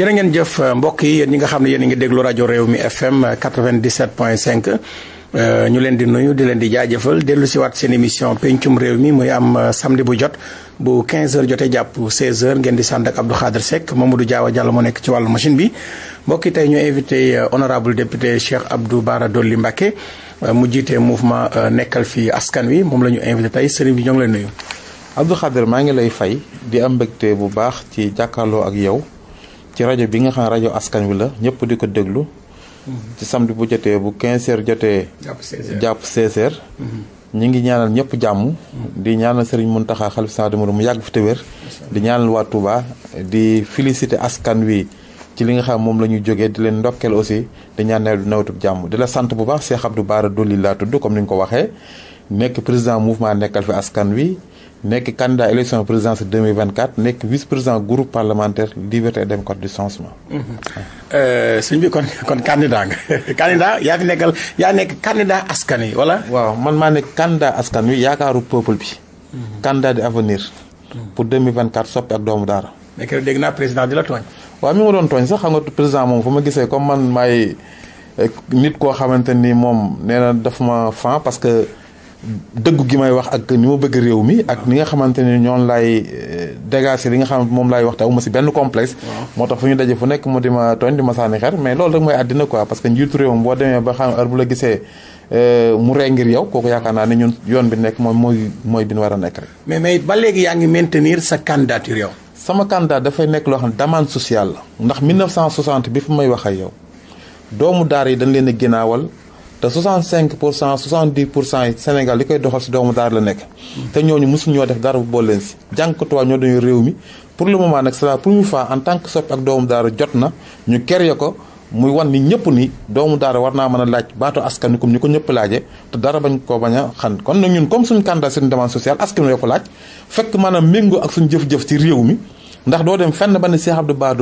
jërë ngeen jëf euh, mbokk yi yéen ñi nga xam ne yéen a ngi déglu rajo réew mi FM 97.5 ñu leen di nuyu di leen di jaajëfal dellu si waat seen émission pencum réew mi muy am euh, samedi bu jot bu 15h jotee jàpp 16h ngeen di sànd ak Abdou Khadre Seck Mamadou Diawa jàll moo nekk ci wàllu machine bi mbokk yi tey ñu invité euh, honorable député Cheikh Abdou Bara Dolly Mbacké mu jiite mouvement nekkal fi askan wi moom la ñu invité tey sëriñ bi ñoo ngi lay nuyu. Abdou Khadre maa ngi lay fay di am mbégte bu baax ci jàkkaarloo ak yow. ci rajo bi nga xam ne rajo askan wi la ñëpp di ko déglu. ci samedi bu jotee bu 15 heures jotee. jàpp 16 heures ñu ngi ñaanal ñëpp jàmm. di ñaanal Serigne Mountakha xalif sa demoro mu yàgg fi te wér. di ñaanal waa Touba di féliciter askan wi ci li nga xam moom la ñu jógee di leen ndokkeel aussi di ñaan nawet nawetub jàmm di la sant bu baax Cheikh du Bara Dolly laa tudd comme ni nga ko waxee nekk président mouvement nekkal fi askan wi. nekk candidat élection présidentielle 2024 nekk vice président groupe parlementaire liberté et démocratie du changement. Mm-hmm. Euh, suñ bi kon kon candidat nga. candidat yaa fi nekkal yaa nekk candidat askan wi wala. waaw man maa nekk candidat askan wi yaakaaru peuple bi. Mm-hmm. candidat di avenir. Mm-hmm. pour 2024 soppi ak doomu daara. mais keroog dégg naa président di la tooñ. waaw mi ma doon tooñ sax xam eh, nit koo xamante ni moom nee na daf ma fan parce que. dëggu gi may wax ak ni ma bëgg réew mi ak ni nga xamante ne ñoon laay euh, dégager li nga xam moom laay wax te ma si benn complexe moo tax fu ñu daje fu nekk mu di ma tooñ di ma sànni xer mais loolu rek mooy àddina quoi parce que njiitu réewam boo demee ba xam heure bu la gisee euh, mu rey ngir yow kooku yaakaar naa ne ñun yoon bi nekk moom mooy mooy bi war a nekk rek mais mais ba léegi yaa ngi maintenir sa candidature yow sama candidat dafay nekk loo xam ne demande sociale la ndax 1960 bi fu may wax ak yow doomu daar yi dañ leen a ginnaawal te 65 pour cent 70 pour cent yi Sénégal li koy doxal si doomu daara la nekk. te ñooñu mosu ñoo def dara bu boole leen si. jànkatuwaay ñoo dañu réew mi pour le moment nag c'est la première fois en tant que Sope ak doomu daara jot na ñu créé ko. muy wan ni ñëpp ni doomu daara war naa mën a laaj baatu askan wi comme ni ko ñëpp laaje te dara bañ ko bañ a xan kon nag ñun comme suñu candidat suñu demande sociale askan wi ko laaj fekk maanaam méngoo ak suñu jëf-jëf ci réew mi ndax doo dem fenn ba ne Cheikh Abdou Bara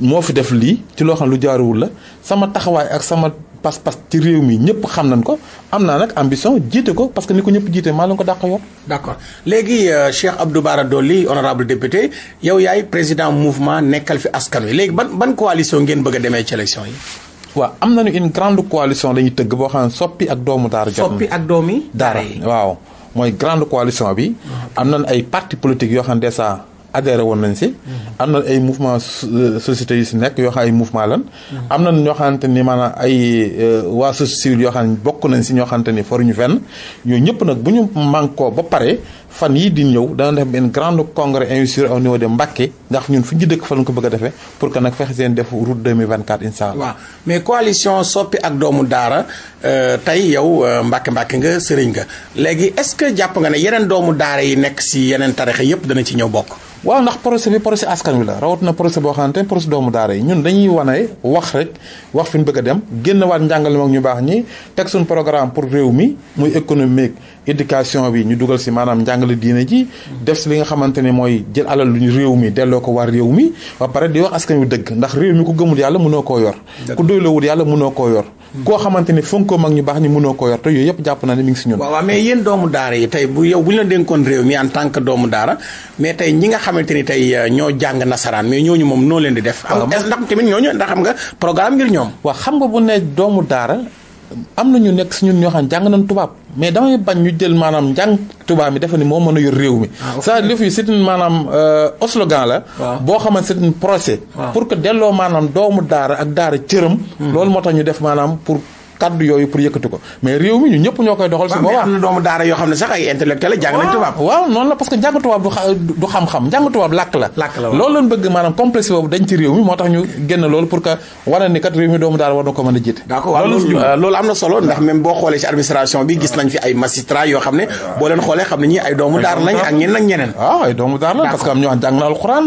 moo fi def lii ci loo lu jaaruwul la sama taxawaay ak sama pas-pas ci réew mi ñëpp xam nañ ko am naa nag ambition jiite ko parce que ni ko ñëpp jiite maa la ko dàq yor. d'accord léegi euh, Cheikh Abdou Bara Dolly honorable député yow yaay président mouvement nekkal fi askan wi léegi ban ban coalition ngeen bëgg a demee ci élection yi. waaw am nañu une grande coalition lañuy tëgg boo xam ne soppi ak doomu daara. soppi ak doomi daara yi waaw mooy grande coalition bi. Ah. am na nañu ay parti politique yoo xam ne adhéré woon nañ si. am na ay mouvement euh, société yu si nekk yoo ay mouvement lan. am na ñoo xamante ni maanaam ay euh, waa société civile yoo xam ne bokk nañ si ñoo xamante ni foruñu fenn yooyu ñëpp nag bu ñu mànkoo ba pare. fan yii di ñëw dana def benn grande congrès investiture au niveau de Mbacké ndax ñun fu ñu dëkk fa lañ ko bëgg a defee pour que nag fexe seen def route 2024 incha allah. waaw mais coalition soppi ak doomu daara euh, tey yow euh, Mbacké Mbacké nga sëriñ nga léegi est-ce que jàpp nga ne yeneen doomu daara yi nekk si yeneen tarixa yépp dana ci ñëw bokk. waaw ndax projet bi projet askan wi la rawatina projet boo xamante ne projet doomu daara yi ñun dañuy wane wax rek wax fi ñu bëgg a dem génn waat njàngale mag ñu baax ñi teg suñu programme pour réew mi muy économique éducation bi ñu dugal si maanaam njàng jàngale diine ji def si li nga xamante ne mooy jël alal lu ñu réew mi delloo ko war réew mi ba pare di wax askan wi dëgg ndax réew mi ku gëmul yàlla mënoo koo yor ku doyloowul yàlla mënoo koo yor koo xamante ne mag ñu baax ñu mënoo koo yor te yooyu yëpp jàpp naa ne mi ngi si ñun waaw waaw mais yéen doomu daara yi tey bu yow bu ñu la dénkoon réew mi en tant doomu daara mais tey ñi nga xamante ni tey euh, ñoo jàng nasaraan mais ñooñu moom noo leen di def ndax tamit ñooñu ndax xam nga programme ngir ñoom waaw xam nga bu ne doomu daara am na ñu nekk si ñun ñoo xam jàng nañ tubaab mais damay bañ ñu jël maanaam njàng tubaab mi defe ni moo mën a yor réew mi c'est-à-dire lëf yi c'est maanaam euh, slogan la boo xamante c'est un procès pour que delloo maanaam doomu daara ak daara cëram hmm. loolu moo tax ñu def maanaam pour kaddu yooyu pour yëkkati ko mais réew mi ñu ñëpp ñoo koy doxal. su boobu dañ réew mi ñu génn ñoo xam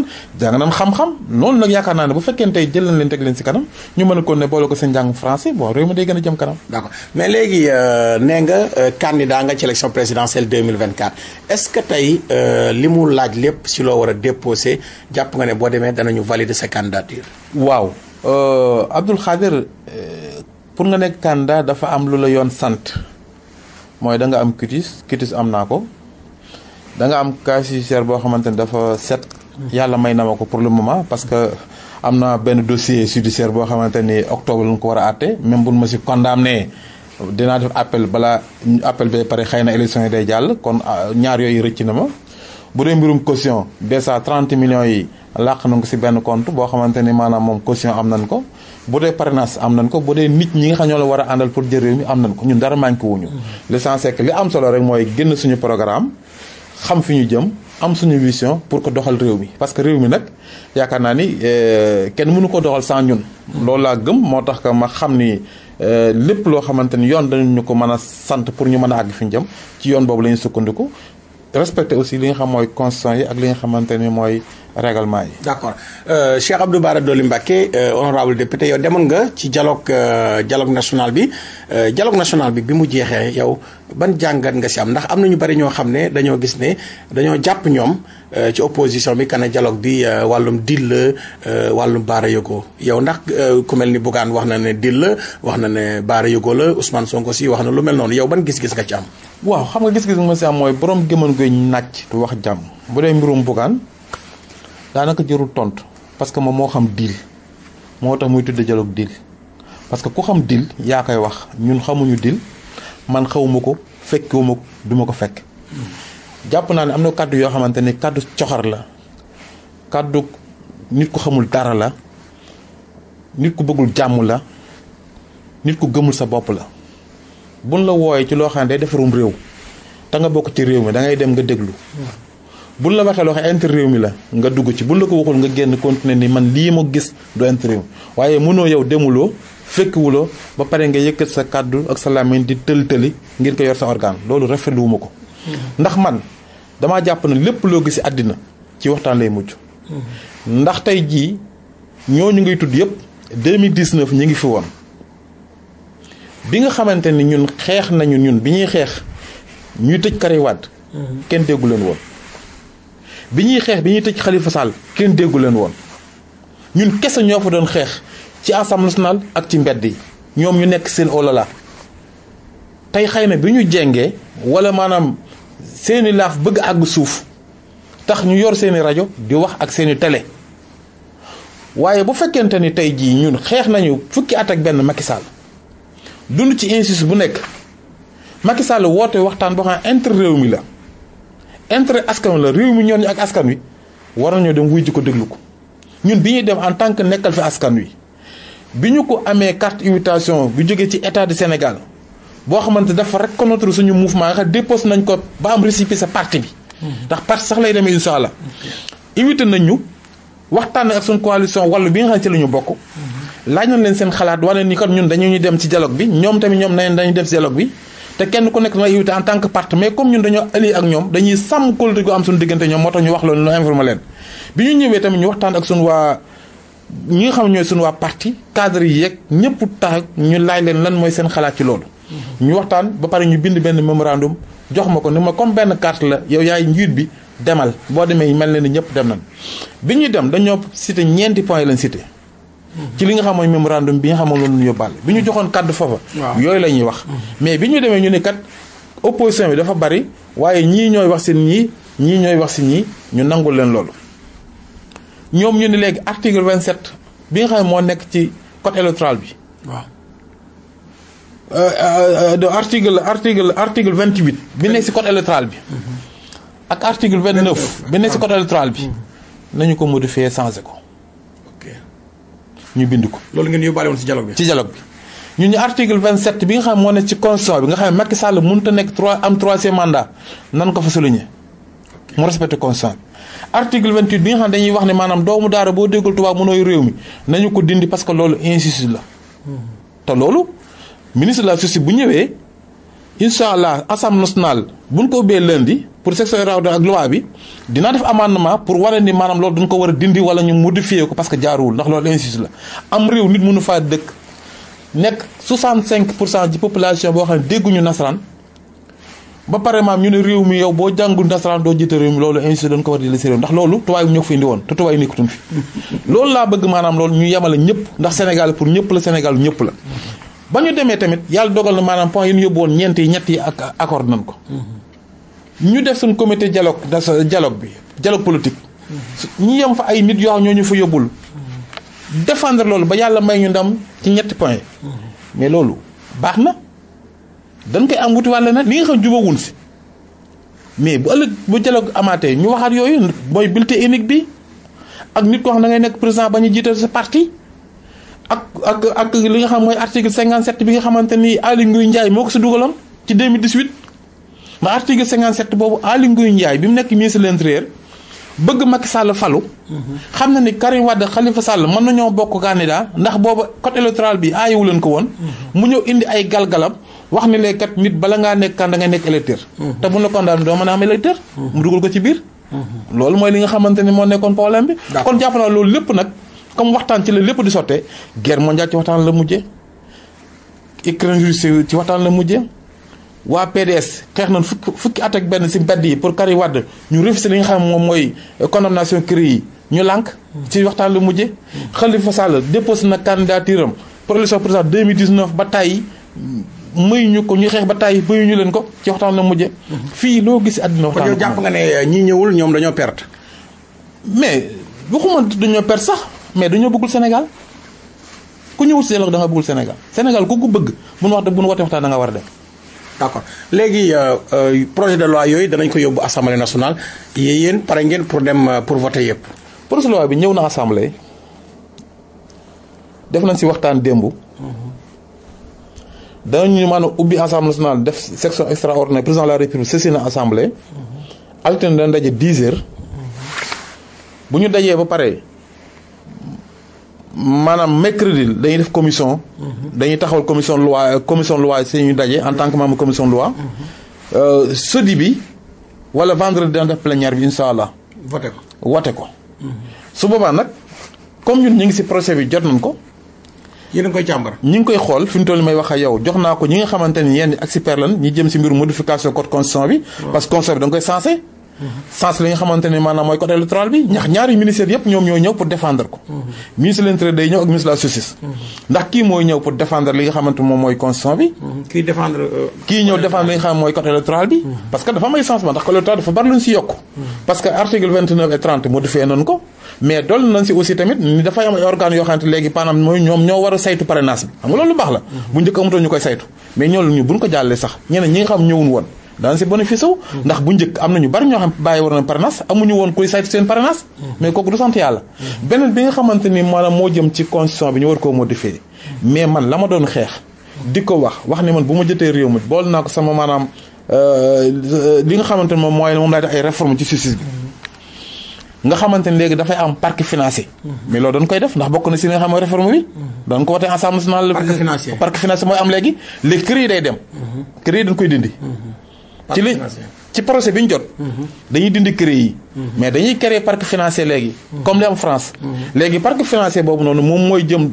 jàng na njàng français bon réew mi day gën a jëm kanam. d'accord mais léegi euh, nee nga euh, candidat nga ci élection présidentielle 2024 est-ce que tey euh, li mu laaj lépp si loo war a déposé jàpp nga ne boo demee danañu valider sa candidature. waaw Abdoul Khadir pour nga nekk candidat dafa am lu la yoon sant mooy danga am cutis cutis am naa ko da am casier judiciaire boo xamante ne dafa set. Hmm. yàlla may na ma ko pour moment parce que. am na benn dossier judiciaire boo xamante ni octobre lañ ko war a àtte même buñ ma si condamné dinaa def appel balaa appel ba pare xëy na élection yi day jàll kon ah, ñaar yooyu rëcc na ma bu dee mbirum caution dèjà 30 millions yi làq nañ ko si benn compte boo xamante ni maanaam moom caution am nañ ko bu dee parrainage am nañ ko bu dee nit ñi nga xam ñoo la war a àndal pour jël réew am nañ ko ñun dara ñu wuñu mm-hmm. l'essentiel li am solo rek mooy génn suñu programme xam fi ñu jëm am suñu vision pour ko doxal réew mi parce que réew mi nag yaakaar naa ni euh, kenn mënu ko doxal sans ñun. loolu laa gëm moo tax que ma xam ni euh, lépp loo xamante ni yoon dañu ko mën a sant pour ñu mën a àgg fi ñu jëm ci yoon boobu la ñu sukkandiku respecter aussi li nga xam mooy constitution yi ak li nga xamante ni mooy règlement yi. d'accord euh, Cheikh Abdou Bara Dolly Mbacké euh, honorable député yow demoon nga ci dialogue euh, dialogue national bi euh, dialogue national bi bi mu jeexee yow. ban jàngat nga si am ndax am na ñu bari ñoo xam ne dañoo gis ne dañoo jàpp ñoom euh, ci opposition bi kana dialogue bi euh, wàllum dil la euh, wàllum baara yëgoo yow ndax ku mel ni Bougane wax na ne dil wax na ne baara la Ousmane Sonko wax na lu mel noonu yow ban gis-gis nga ci am. waaw xam nga gis-gis nga si am mooy borom gëmën guy nàcc du wax jàmm. bu dee mbirum Bougane daanaka jërul tontu parce que moom moo xam dil moo tax muy tudd dialogue dil parce que ku xam dil yaa koy wax ñun xamuñu dil. man xawuma ko fekkewuma ko du ma ko fekk jàpp naa ne am na kàddu yoo xamante ne kàddu coxor la kàddu nit ko xamul dara la nit ku bëggul jàmm la nit ku gëmul sa bopp la buñ la wooyee ci loo xam ne day defarum réew te nga bokk ci réew mi da ngay dem nga déglu buñ la waxee loo xam ne mi la nga dugg ci buñ la ko waxul nga génn continuer ni man lii ma gis du intérêt waaye mënoo yow demuloo fekkiwuloo ba pare nga yëkkat sa kàddu ak sa làmmiñ di tël-tëli ngir ko yor sa organe loolu rafetluwuma ko mm-hmm. ndax man damaa jàpp na lépp loo gis ci àddina ci waxtaan lay mujj mm-hmm. ndax tey jii ñoo ñu ngiy tudd yëpp 2019 ñu ngi fi woon bi nga xamante ni ñun xeex nañu ñun bi ñuy xeex ñuy tëj Karim Wade mm-hmm. kenn déggu leen woon bi ñuy xeex bi ñuy tëj Khalifa Sall kenn déggu leen woon ñun kese ñoo fa doon xeex ci assemblée nationale ak ci mbedd yi ñoom ñu nekk seen olala tey xëy na bi ñu jengee wala maanaam seeni laaf bëgg àgg suuf tax ñu yor seeni rajo di wax ak seeni tele waaye bu fekkente ni tey jii ñun xeex nañu fukki at ak benn Macky Sall dund ci insus bu nekk Macky woote waxtaan boo xam ne réew mi la entre askan la réew mi ñoon ñu ak askan wi war nañoo dem wuy ko déglu ko ñun bi ñuy dem en tant que nekkal fi askan wi bi ñu ko amee carte invitation bu jógee ci état du Sénégal boo xamante dafa reconnaître suñu mouvement nga xam dépose nañ ko ba am récépissé sa parti bi. Mhm. ndax parti sax lay demee incha allah. invité nañ ñu waxtaan ak suñu coalition wàllu bi nga xam ne ci mhm. bi ñoom tamit ñoom nañ dañuy dem ci dialogue bi. te kenn ku nekk na invité en tant que parti mais diggante ñoom moo ñu wax loolu ñu informé leen bi ñu ñëwee tamit ñu waxtaan ak suñu waa. ñi nga xam ne ñooy suñu waa parti cadre yi yeeg ñëpp tax ñu laaj leen lan mooy seen xalaat ci loolu. ñu waxtaan ba pare ñu bind benn mémorandum jox ma ko ni ma comme benn carte la yow yaay njiit bi demal boo demee mel na ne ñëpp dem na bi ñu dem dañoo cité ñeenti point yi lañ cité. ci li nga xamoon mooy mémorandum bi nga xamoon moom la ñu yóbbaale bi ñu joxoon kàddu foofa. yooyu la ñuy wax. mais bi ñu demee ñu ne kat opposition bi dafa bari waaye ñii ñooy wax si ñii ñii ñooy wax si ñii ñu nangul leen loolu. ñoom ñu ni léegi article 27 bi nga xam ne moo nekk ci code électoral bi. waaw euh, euh, euh, de article article article 28. bi nekk si code électoral bi. Mhm. ak article 29. bi nekk si code électoral bi. Mhm. nañu ko modifier changé ko. ok ñu bind ko. loolu ngeen yóbbaale woon si dialogue bi. ci dialogue bi. ñu ñu article 27 bi nga xam moo ne ci constitution bi nga xam ne Macky Sall mënut a nekk trois am troisième mandat nan ko fa souligner mu respecté constitution article 28 bi nga xam dañuy wax ne maanaam doomu daara boo déggul tubaab mënooy réew mi nañu ko dindi parce que loolu injustice la te loolu ministre la justice bu ñëwee incha allah assemblée nationale bu ñu ko ubbee lundi pour section rawatina ak loi bi dinaa def amendement pour wane ni maanaam loolu duñ ko war a dindi wala ñu modifier ko parce que jaaruwul ndax loolu injustice la am réew nit mënu faa dëkk nekk cinq pour cent ji population boo xam ne dégguñu nasaraan. ba pare maam ñu ne réew mi yow boo jàngul nasaraan doo jiite réew mi loolu institut dañ ko di la séeréer ndax loolu tubaab yi ñoo fi indi woon te tubaab yi nekkutuñ fi loolu laa bëgg maanaam loolu ñu yemale ñëpp ndax Sénégal pour ñëpp la ñëpp la ba ñu demee tamit yàlla dogal na maanaam point yi ñu yóbbu woon ñeent yi ñett yi ak accord nañ ko mm-hmm. ñu def suñ comité dialogue da dialogue bi dialogue politique mm-hmm. ñu yem fa ay nit yoo xam ñoo ñu fa yóbbul mm-hmm. défendre loolu ba yàlla may ñu ndam ci ñetti point mais loolu baax na dañ koy am wuti wàll na li nga xam jubawun si mais bu ëllëg bu dialogue amaatee ñu waxaat yooyu mooy bulletin unique bi ak nit ko xam na ngay nekk président ba ñu jiital sa parti ak ak ak li nga xam mooy article 57 bi nga xamante ni Aly Ngouille Ndiaye moo ko si dugaloon ci 2018 ma article 57 boobu Aly Ngouille Ndiaye bi mu nekk ministre de l'intérieur bëgg Macky Sall falu. xam na ni Karim Wade Khalifa Sall mën ñoo bokk candidat ndax boobu code électoral bi aayewu leen ko woon. mu ñëw indi ay galgalam. wax ne lay kat nit bala ngaa nekk kan nga nekk électeur mhm. te bu la condamné doo mën a am électeur mhm. mu dugal ko ci biir mhm. loolu mooy li nga xamante ni moo nekkoon problème bi kon jàpp naa loolu lépp nag comme waxtaan la lépp di sottee guerre mondiale ci waxtaan la mujje Ukraine Russie ci waxtaan la mujje waa PDS xeex na fukki fukki at benn si yi pour Karim Wade ñu refusé li nga xam moom mooy condamnation CREI yi ñu lànk ci waxtaan la mujje Khalifa Sall déposé na candidature am pour élection présidentielle 2019 ba tàyyi may ñu ko ñu xeex ba tàyyi bayu ñu leen ko ci waxtaan la mujje fii loo gis àddina waxtaan kon jàpp nga ne eh, ñi ñëwul ñoom dañoo perte mais waxuma dañoo perte sax mais dañoo buggul Sénégal ku ñëwul si dialogue da nga bëggul Sénégal Sénégal ku ko bëgg bu nu wax bu nu waxtee waxtaan da nga war a dem d'accord léegi euh, euh, projet de loi yooyu danañ ko yóbbu assemblée nationale yéen pare ngeen pour dem euh, pour voter yëpp projet de loi bi ñëw na assemblée def nañ si waxtaan démb danañu maanaam ubbi assemblée nationale def section extraordinaire président de la république sesi na assemblée. altine dana daje 10 heures. bu ñu dajee ba pare maanaam mercredi dañuy def commission. dañuy taxawal commission loi commission loi si ñu daje en tant que membre commission loi. Euh, jeudi bi wala vendredi dana def plénière bi incha allah. wote ko ko. su boobaa nag comme ñun ñu ngi si projet bi jot nañ ko. yéen a ngi koy càmbar xool fi may wax ak yow jox naa ko ñi nga xamante ni yenn expert lan ñi jëm si mbiru modification code constitution bi parce que constitution bi mhm. mooy code électoral bi parce que dafa may changement ndax code électoral dafa bari lu ñu si yokk mhm. parce que article 29 et ko mais dool nañ si aussi tamit ni dafay am ay organes yoo xam ne léegi mooy ñoom ñoo war a saytu parrainage bi xam nga loolu lu baax la bu njëkk amutoon ñu koy saytu mais ñoolu ñu buñ ko jàllee ñi nga xam ñëwun woon daan si bénéfice bu njëkk am na ñu bari ñoo xam bàyyi war na parrainage amuñu woon kuy saytu seen parrainage mais kooku du sant yàlla beneen bi nga xamante ni maanaam moo jëm ci constitution bi ñu war koo modifier mais man la ma doon xeex di ko wax wax ne man bu ma jëtee réew mi bool naa ko sama maanaam euh, li nga xamante ne moom mooy moom laay def ay réforme ci justice bi nga xamante ni léegi dafay am parc financier. Hmm. mais loolu dañ koy def ndax bokk na si ne xam mooy réforme bi. Hmm. dañ ko wote ensemble national. parc financier parc financier mooy am léegi léegi kër yi dem. kër hmm. dañ koy dindi. ci li ci projet bi ñu jot. dañuy dindi kër yi. mais dañuy créer parc financier léegi. comme li am France. léegi parc financier boobu noonu moom mooy jëm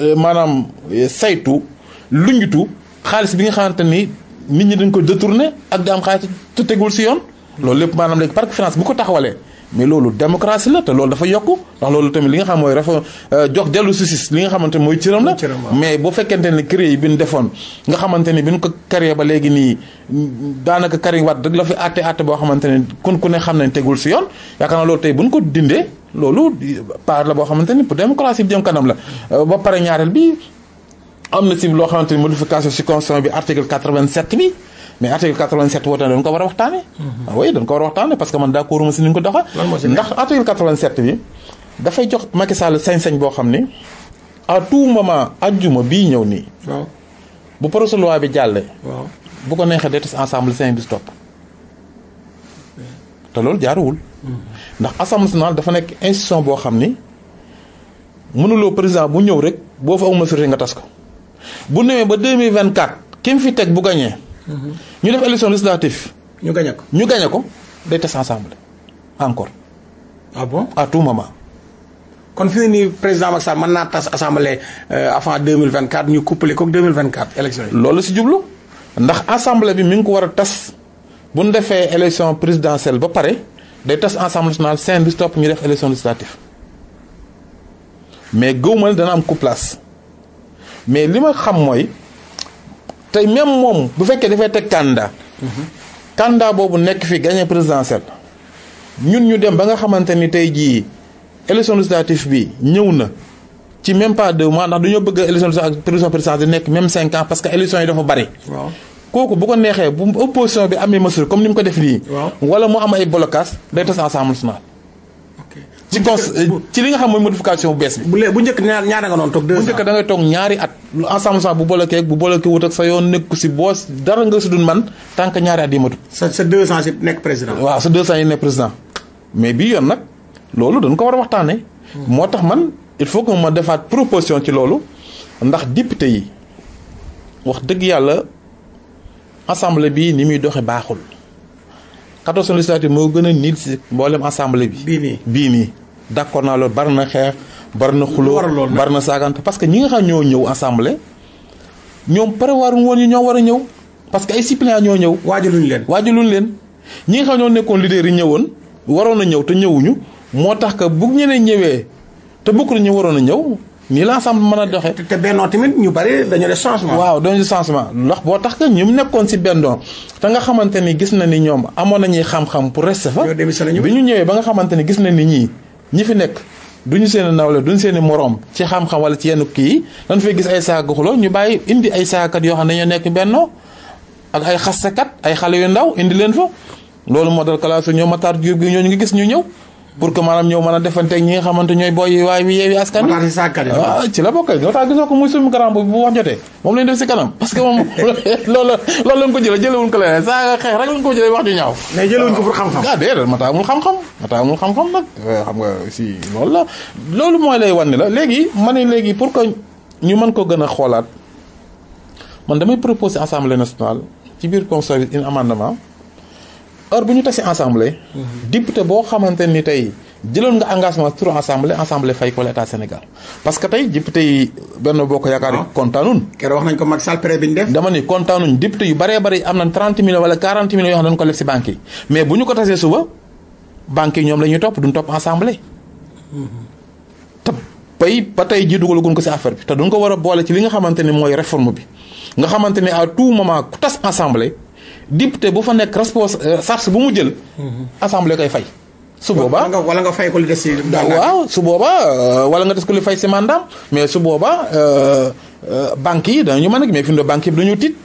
euh, maanaam euh, saytu luñutu xaalis bi nga xamante ni nit ñi dañ ko détourné ak di am xaalis te tegul si yoon. loolu lépp maanaam léegi parc finance bu ko taxawalee. mais loolu démocratie la te loolu dafa yokk ndax loolu tamit li nga xam mooy réforme euh, jox dellu si li nga xamante mooy cëram la mais boo fekkente ne créé yi bi ñu defoon nga xamante ni bi ñu ko léegi nii daanaka Karim Wade rek boo xamante ne kun ku ne xam nañ si yoon yaakaar naa tey bu ko dindee loolu part la boo xamante ni pour démocratie bi jëm kanam la euh, ba pare ñaareel bi am na si loo xamante ni modification ci constitution bi article 87 bi mais article 87 woote na dañ ko war a waxtaane mhm. ah oui dañ ko war a waxtaane parce que man d'accord ma si ni ko doxal ndax article 87 bi dafay jox Macky Sall sañ-sañ boo xam ni à tout moment ajjuma bi ñëw nii bu projet loi bi jàllee bu ko neexee day tas ensemble cinq bis topp te loolu jaaruwul mhm. ndax assemblée dafa nekk institution boo xam ni mënuloo président bu ñëw rek boo fa amul majorité nga tas ko bu newee ba 2024 ki mu fi teg bu gañee ñu def élection législative. ñu gañe ko ñu gañe ko day tas ensemble encore. ah bon à tout moment. kon fi mu nii président Macky Sall mën naa tas assemblée euh, avant 2024 ñu couplé koog 2024 élection yi. loolu si jublu ndax assemblée bi mi ngi ko war a tas bu ñu defee élection présidentielle ba pare day tas assemblée nationale cinq bis topp ñu def élection législative mais gëw ma dana am coup place mais li ma xam mooy. tey même moom bu fekkee dafay teg candidat candidat boobu nekk fi gagné présidentiel ñun ñu dem ba nga xamante ni tey jii élection législative bi ñëw na ci même pas deux mois ndax dañoo bëgg élection élection présidentielle nekk même cinq ans parce que élection yi dafa bari kooku bu ko neexee bu opposition bi amee mesure comme ni mu ko def nii wala mu am ay blocage day tas ensemble national ci gos eh, ci li nga xam mooy modification bu bees bi. bu lee bu njëkk ñaar ñaar nga noonu toog bu njëkk da toog ñaari at. lu ensemble sax bu bolokee bu bolokee wut ak sa yoon nekku si boo dara nga si man tant que ñaari at yi matut. sa sa sa deux yi nekk président mais bii yoon nag loolu dañ ko war a waxtaane moo tax man il faut que ma defaat proposition ci loolu ndax député yi wax dëgg yàlla assemblée bi ni muy doxee baaxul. quatorze législative moo gën a niil si mboolem assemblée bi. bii nii bii nii. d'accord a loolu bari na xeex bari na xuloo bari na saagante parce que ñi nga xam ñoo ñëw assemblée ñoom prévoir woon yi ñoo war a ñëw parce que ay suppléants ñoo ñëw waajaluñ leen waajaluñ leen ñi nga xam ñoo nekkoon leader yi ñëwoon waroon a ñëw te ñëwuñu moo tax que bu ñeneen ñëwee te bokk na ñu waroon a ñëw nii la ensemble mën a doxee. te bennoo tamit ñu bari dañu def changement. waaw dañu def ndax boo tax que ñu nekkoon si bennoo te nga xamante ni gis na ni ñoom amoon nañuy xam-xam pour rester fa. bi ñu ñëwee ba nga xamante ni gis na ni ñii ñi fi nekk du ñu seen nawle duñu seen seeni moroom ci xam-xam wala ci yenn kii yi dañu fay gis ay saako xuloo ñu bàyyi indi ay saakat yoo xam ne dañoo nekk bennoo ak ay xasakat ay xale yu ndaw indi leen fa loolu moo dal kalaasu ñoo mataar jur gi ñooñu ngi gis ñu ñëw pour que maanaam ñëw man a defanteeg ñi nga xamante ñooy booy waay wi yeewi askan waaw ah, ci la bokk loo tax gisoo ko muy suñu garaan boobu bu wax jotee moom lañ def si kanam parce moom loolu xam-xam ah, xam-xam mataa amul nga si loolu la loolu mooy lay wan ni la léegi ma ne léegi pour que ñu mën ko gën a xoolaat man damay proposer assemblée nationale ci biir conseil un amendement heure bu ñu tase assemblée. député boo xamante ni tey jëloon nga engagement sur assemblée assemblée fay ko l'état Sénégal parce que tey député yi benn boo ko yaakaar. waaw ah. kontaanuñ. keroog wax nañ ko Macky Sall pré bi dama ni kontaanuñ député yu bëree bëri am na 30 millions wala 40 millions yoo xam ne dañu ko leb si banques yi mais bu ñu ko tasee suba banques yi ñoom la ñuy topp duñ topp assemblée. te bay ba tey jii dugalaguñ ko si affaire bi te duñ ko war a boole ci li nga xamante ni mooy réforme bi nga xamante ni à tout moment ku tas assemblée. député bu fa nekk respons euh, charge bu mu jël. Mhm. assemblée koy fay. su boobaa wala nga fay ko li des si waaw su boobaa euh, wala nga des ko li fay si mandaam mais su boobaa euh, banques yi danañu mën a mais fi mu ne banques yi dañu tiit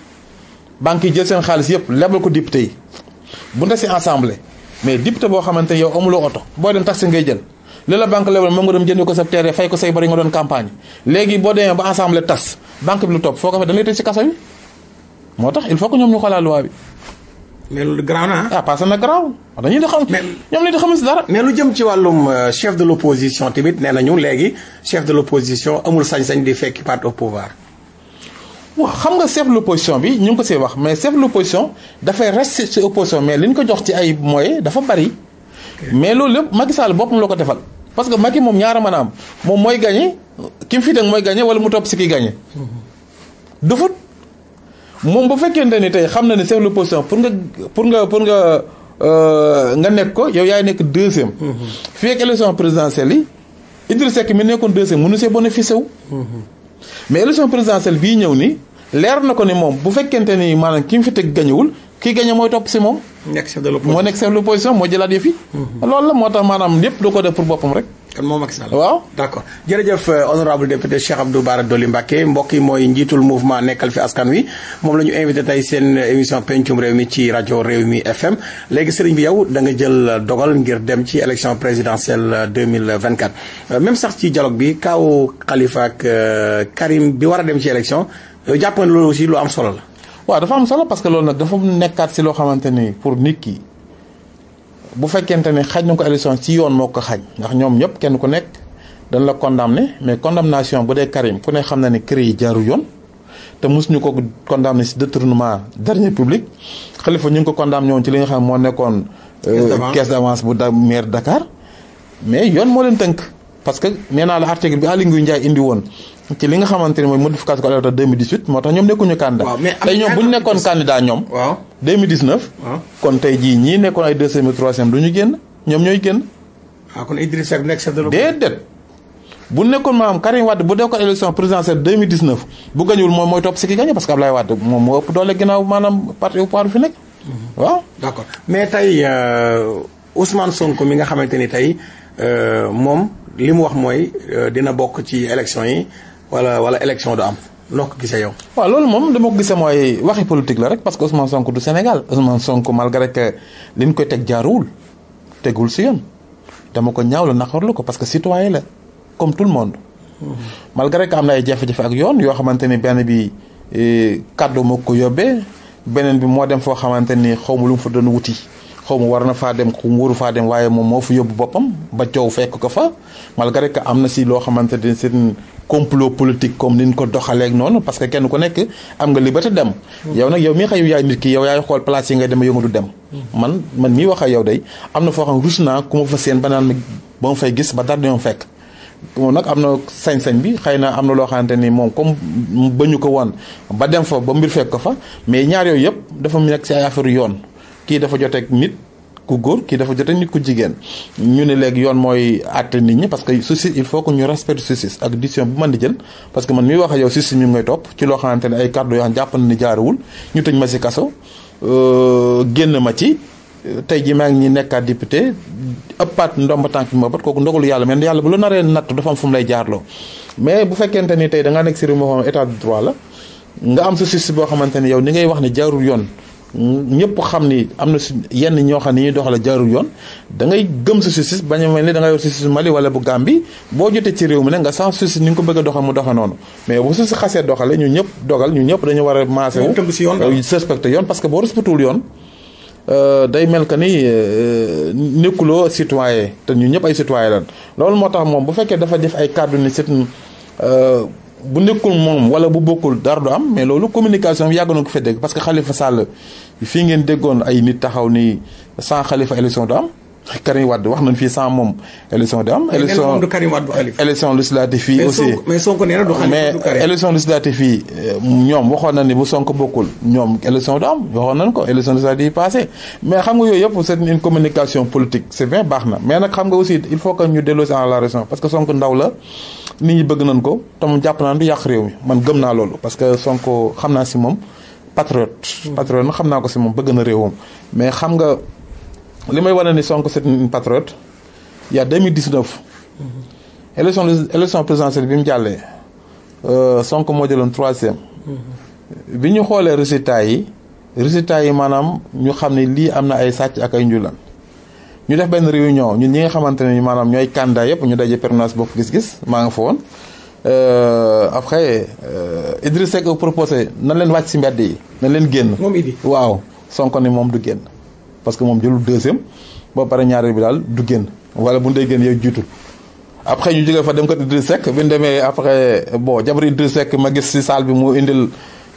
banques yi jël seen xaalis yëpp lebal ko député yi bu ndes si assemblée mais député boo xamante yow amuloo oto boo dem taxi ngay jël li la banque lebal moom nga dem jënd ko sa terre fay ko say bari nga doon campagne léegi boo demee ba assemblée tas banque bi lu topp foo ko fa dañ lay tëj si kaso bi moo tax il faut que ñoom ñu xoolaa bi mais loolu garaaw na ah. ah passé na garaaw dañuy di xam. mais ñoom lañu di xam si dara. mais lu jëm ci wàllum euh, chef de l' opposition tamit nee nañu léegi chef de l' opposition amul sañ-sañ di fekki part au pouvoir. waaw xam nga chef de bi ñu ngi ko see wax mais chef de l' opposition dafay rester ci opposition mais li ñu ko jox ci ay mooy dafa bari. mais loolu lépp Macky Sall boppam la ko defal. parce que Macky moom ñaara mën a am moom mooy gagné ki mu fi mooy gagné wala mu topp si ki gagné. Mhm. moom bu fekkente ni tey xam na ne chef de l'opposition pour nga pour nga pour nga euh, nga nekk ko yow yaay nekk deuxième. Mhm. fi ak élection présidentielle yi Idriss Seck mi nekkoon deuxième mënu see bénéficié wu. Mhm. mais élection présidentielle bii ñëw nii leer na ko ni moom bu fekkente ni maanaam ki mu fi teg gañewul kii gañe mooy topp si moom. nekk chef de l'opposition moo nekk chef de l'opposition moo jëlaat yëf yi. Mhm. loolu la moo tax maanaam lépp du ko def pour boppam rek. kan moom waaw d'accord jërëjëf euh, honorable député Cheikh Abdou Bara Dolly Mbacké mbokk yi mooy njiitul mouvement nekkal fi askan wi moom la ñu invité tey seen émission pencum réew mi ci rajo réew mi FM léegi sëriñ bi yow da nga jël dogal ngir dem ci élection présidentielle 2024 euh, euh, même sax ci dialogue bi kaaw Khalifa ak Karim bi war a dem ci élection jàpp nga loolu aussi lu am solo la waaw dafa am solo parce que loolu nag dafa nekkaat si loo xamante ni pour nit ki bu fekkente ne xaaj na ko élection ci yoon moo ko xaj ndax ñoom ñëpp kenn ku nekk dañ la condamné mais condamnation bu dee Karim ku ne xam na ne CREI yi jaaru yoon te mosuñu ko condamné si détournement dernier public Khalifa ñu ngi ko condamné woon ci li nga xam moo nekkoon. Euh, caisse d'avance bu da maire Dakar mais yoon moo leen tënk. parce que nee naa la article bi Aly Ngouille Ndiaye indi woon ci li nga xamante ne mooy modification électorale 2018 moo tax ñoom nekkuñu candidat. waaw mais tey ñoom bu ñu nekkoon candidat ñoom. ñu génn ñoom ñooy génn. waaw ah, kon bu nekkoon maanaam Karim Wade bu dekkoon élection présidentielle 2019 bu gañuwul moom mooy topp si ki gañe parce que Ablaye Wade moom moo ëpp doole ginnaaw maanaam parti au pouvoir fi nekk. Mhm. waaw mais tey euh, Ousmane Sonko mi nga xamante ni tey euh, moom li mu wax mooy euh, dina bokk ci élection yi. wala wala élection du am noo ko gisee yow. waaw loolu moom dama ko gisee mooy waxi politique la rek parce que Ousmane Sonko du Sénégal Ousmane Sonko malgré que li ñu koy teg jaaruwul tegul si yoon dama ko ñaaw la naqarlu ko parce que citoyen la comme tout le monde. Mm-hmm. malgré que am na ay jafe-jafe ak yoon yoo xamante ni benn bi eh, kàddu moo ko yóbbee beneen bi moo dem foo xamante ni xaw ma lu mu fa doon wuti. xaw ma war na faa dem xaw waru faa dem waaye moom moo fa yóbbu boppam ba coow fekk ko fa malgré que am na si loo xamante ne seen complot politique comme ni ko doxaleeg noonu parce que kenn ku nekk am nga liberté dem. yow nag yow mii xëy yaay nit ki yow yaay xool place yi ngay dem yëngu du dem. man man mii wax ak am na foo xam rus naa ku fa ba naan ba ma fay gis ba dara ñoom fekk. moom am na sañ-sañ bi xay naa am na loo xamante ni moom comme ba ñu ko woon ba dem fa ba mbir fekk ko fa mais ñaar yooyu yëpp dafa nekk si ay yoon. kii dafa joteeg nit ku góor kii dafa joteeg nit ku jigéen ñu ne léegi yoon mooy àtte nit ñi parce que justice il faut que ñu respecte justice ak décision bu mën di jën parce que man mi wax ak yow justice mi ngi may topp ci loo xamante ne ay kàddu yoo xam jàpp na ni jaaruwul ñu tëj ma si kaso euh, génn ma ci tey ji maa ngi ñi nekkaat député ëppaat ndomba tànk bi ma bat kooku ndogalu yàlla men yàlla bu la naree natt dafa am fu mu lay jaarloo mais bu fekkente ni tey da nekk si réew moo nga am justice boo xamante ne yow ni ngay wax ne jaarul yoon ñëpp xam ni am na si yenn ñoo xam ne ñuy doxale jarul yoon da ngay gëm sa justice bañ a mel ni da nga Mali wala bu Gambie boo jotee ci réew mi ne nga sans justice ni nga ko bëgg a doxal mu doxe noonu mais bu justice xasee doxale ñu ñëpp dogal ñu ñëpp dañu war a maase wu euh, respecté yoon parce que boo respectul yoon euh, day mel que ni euh, nekkuloo citoyen te ñu ñëpp ay citoyen lan loolu moo tax moom bu fekkee dafa def ay kàddu ni c'est bu nekkul moom wala bu bokkul dara du am mais loolu communication yàgg na ko fa dégg parce que Khalifa Sall fii ngeen déggoon ay nit taxaw nii sans Khalifa élection du am. Karim Wade wax nañ fii sans moom élection di am. élection du Karim Wade du xalifa mais Sonko na du xalifa du yi euh, ñoom waxoon nañ ne bu Sonko bokkul ñoom élection du am waxoon ko élection législative yi passé mais xam nga yooyu yëpp c'est une communication politique c'est bien baax na mais nag xam nga aussi il faut que ñu delloosi en la raison parce que Sonko ndaw la nit ñi bëgg nañ ko te moom jàpp naa du yàq réew mi man gëm naa loolu parce que Sonko xam naa si moom patriote hmm. patriote na xam naa ko moom bëgg na réewam mais xam nga li may wane ni Sonko c'est une patriote il y a 2019. Mm-hmm. élection élection présidentielle bi mu jàllee euh, Sonko moo jëloon troisième. Mm-hmm. bi ñu xoolee résultats yi résultats yi maanaam ñu xam ne lii am na ay sàcc ak ay njulan ñu def benn réunion ñun ñi nga xamante ne maanaam ñooy kàndaay yëpp ñu daje permanence bokk gis-gis maa ngi fa woon euh, après euh, Idriss Seck a proposé nan leen wàcc si mbedd yi na leen génn. moom Idriss waaw sonk ni moom du génn. parce que moom jëlul deuxième ba pare ñaareel bi daal du génn wala bu ñu dee génn yow jiitul. après ñu jógee fa dem kër Idriss Seck bi ñu demee après bon jabar Idriss Seck ma gis si salle bi mu indil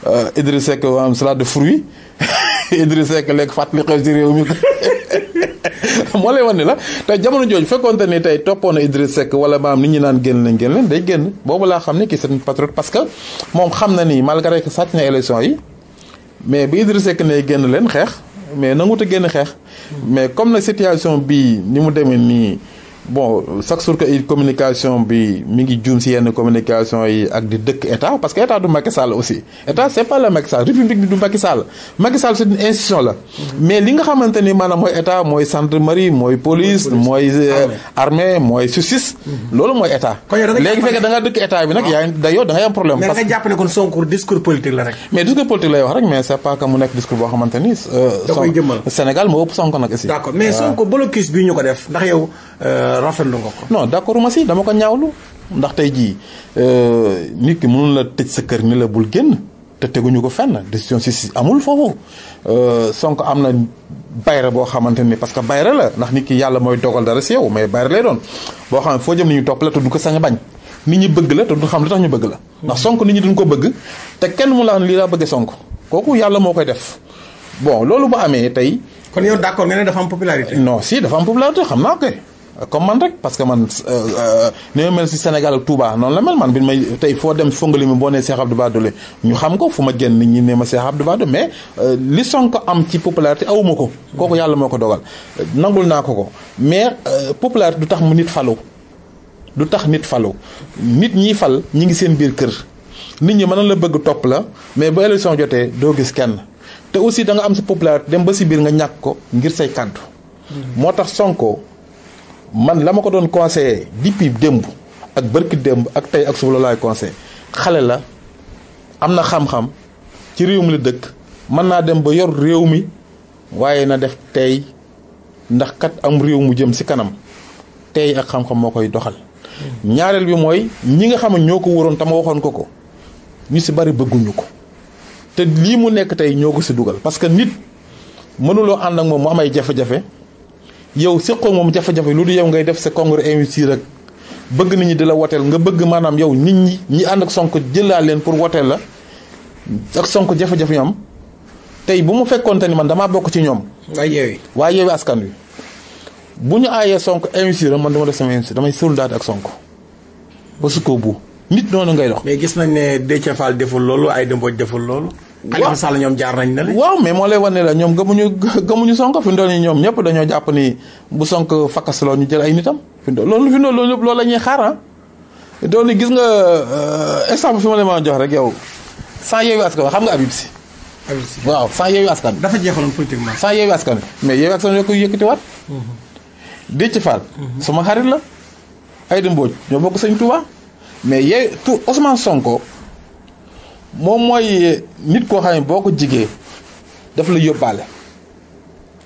euh, Idriss Seck am euh, salade de fruits Idriss Seck lekk fàttali xew si réew mi moo lay wan la te jamono jooju fekkoonte ni tey toppoon na Idriss Seck wala maam nit ñi naan génn nañ génn leen day génn boobu laa xam ne kii c'est un parce que moom xam na ni malgré que sàcc na élection yi mais bi Idriss Seck ne génn leen xeex. mais nanguta génn xeex mais comme nag situation bii ni mu demee nii bon chaque jour que communication bi mu ngi juum si yenn communication yi ak di dëkk état parce que état du Macky Sall aussi état c' pas le Macky Sall république bi du Macky Sall Macky Sall c' est une la. mais li nga xamante ni maanaam mooy état mooy gendarmerie mooy police mooy. Euh, ah armée mooy justice. Mhm. loolu mooy état. léegi fekk da nga dëkk état bi nag ah. yaa ngi dayoo da ngay problème. parce que mais nga discours politique la rek. mais discours pas que nekk discours boo xamante euh, Sénégal moo ëpp Sonko nag aussi. mais Sonko blocus bi ñu ko def ndax yow. Euh, rafetlu nga ko. non d'accord ma si dama ko ñaawlu ndax tey jii euh, nit ki mënul la tëj sa kër ni la bul génn te teguñu ko fenn décision si si amul foofu euh, Sonko am na bayra boo xamante ni parce que bayra la ndax nit ki yàlla mooy dogal dara si yow mais bayra lay doon boo xam ne foo jëm ni ñu topp la te du ko sañ a bañ. nit bëgg la te xam lu tax ñu bëgg la. ndax Sonko nit ñi duñ ko bëgg te kenn mu la lii laa bëggee sonk kooku yàlla moo koy def bon loolu bu amee tey. kon yow d'accord nga ne dafa am popularité. non si dafa am popularité xam naa ko comme man rek parce que man euh, euh, ni ma mel si Sénégal ak noonu la mel man bi may tey foo dem fongali mi boo nee Cheikh Abdou Bara Dolly ñu xam ko fu ma génn nit ñi ne ma Cheikh Abdou Bara Dolly mais euh, li Sonko am ci popularité awuma ko kooku yàlla moo ko dogal nangul naa ko ko mais popularité du tax mu nit falu du tax nit falu nit ñiy fal ñi ngi seen biir kër nit ñi mën na la bëgg topp la mais ba élection jotee doo gis kenn te aussi da nga am si popularité dem ba si biir nga ñàkk ko ngir say kàddu mm-hmm. moo tax Sonko man la ma ko doon conseillé depuis démb ak bërki démb ak tey ak suba la laay conseillé xale la am na xam-xam ci réew mi la dëkk mën naa dem ba yor réew mi waaye na def tey ndax kat am réew mu jëm si kanam tey ak xam-xam moo koy doxal. ñaareel bi mooy ñi nga xam ne ñoo ko wuroon te ma waxoon ko ko ñu si bari bëgguñu ko te lii mu nekk tey ñoo ko si dugal parce que nit mënuloo ànd ak moom mu am ay jafe-jafe. yow séqoo moom jafe-jafe lu du yow ngay def sa congrès investir ak bëgg nit ñi di la woteel nga bëgg maanaam yow nit ñi ñi ànd ak sonk jëlaa leen pour woteel la ak Sonko jafe-jafe ñu am tey bu mu fekkoonte ni man damaa bokk ci ñoom. waa yeewi waa yeewi askan wi bu ñu aayee Sonko investir man dama def sama investir damay soldat ak sonk ba su bu nit noonu ngay dox. mais gis nañ ne Déthié Fall deful loolu ay dëmbooj deful loolu. Aliou Sall ñoom jaar nañ ne la. waaw mais moo lay wan ne la ñoom gëmuñu gëmuñu Sonko fi mu toll ñoom ñëpp dañoo jàpp ni bu Sonko fakkasloo ñu jël ay nitam fi mu toll loolu fi mu toll loolu yëpp loolu la ñuy ah. nga euh, exemple fi ma leen mën rek yow sans Yewwi Askan Wi xam nga Habib Sy. Habib Sy waaw sans Yewwi Askan Wi. dafa jeexaloon politiquement. sans Yewwi Askan Wi mais Yewwi Askan Wi ko yëkkatiwaat. Mhm. Déthié Fall. Mhm. sama la. Aïda Mbodj ñoo bokk sëñ Touba mais yeew tu Ousmane Sonko. moom mooy nit koo xam boo ko jigee daf la yóbbaale.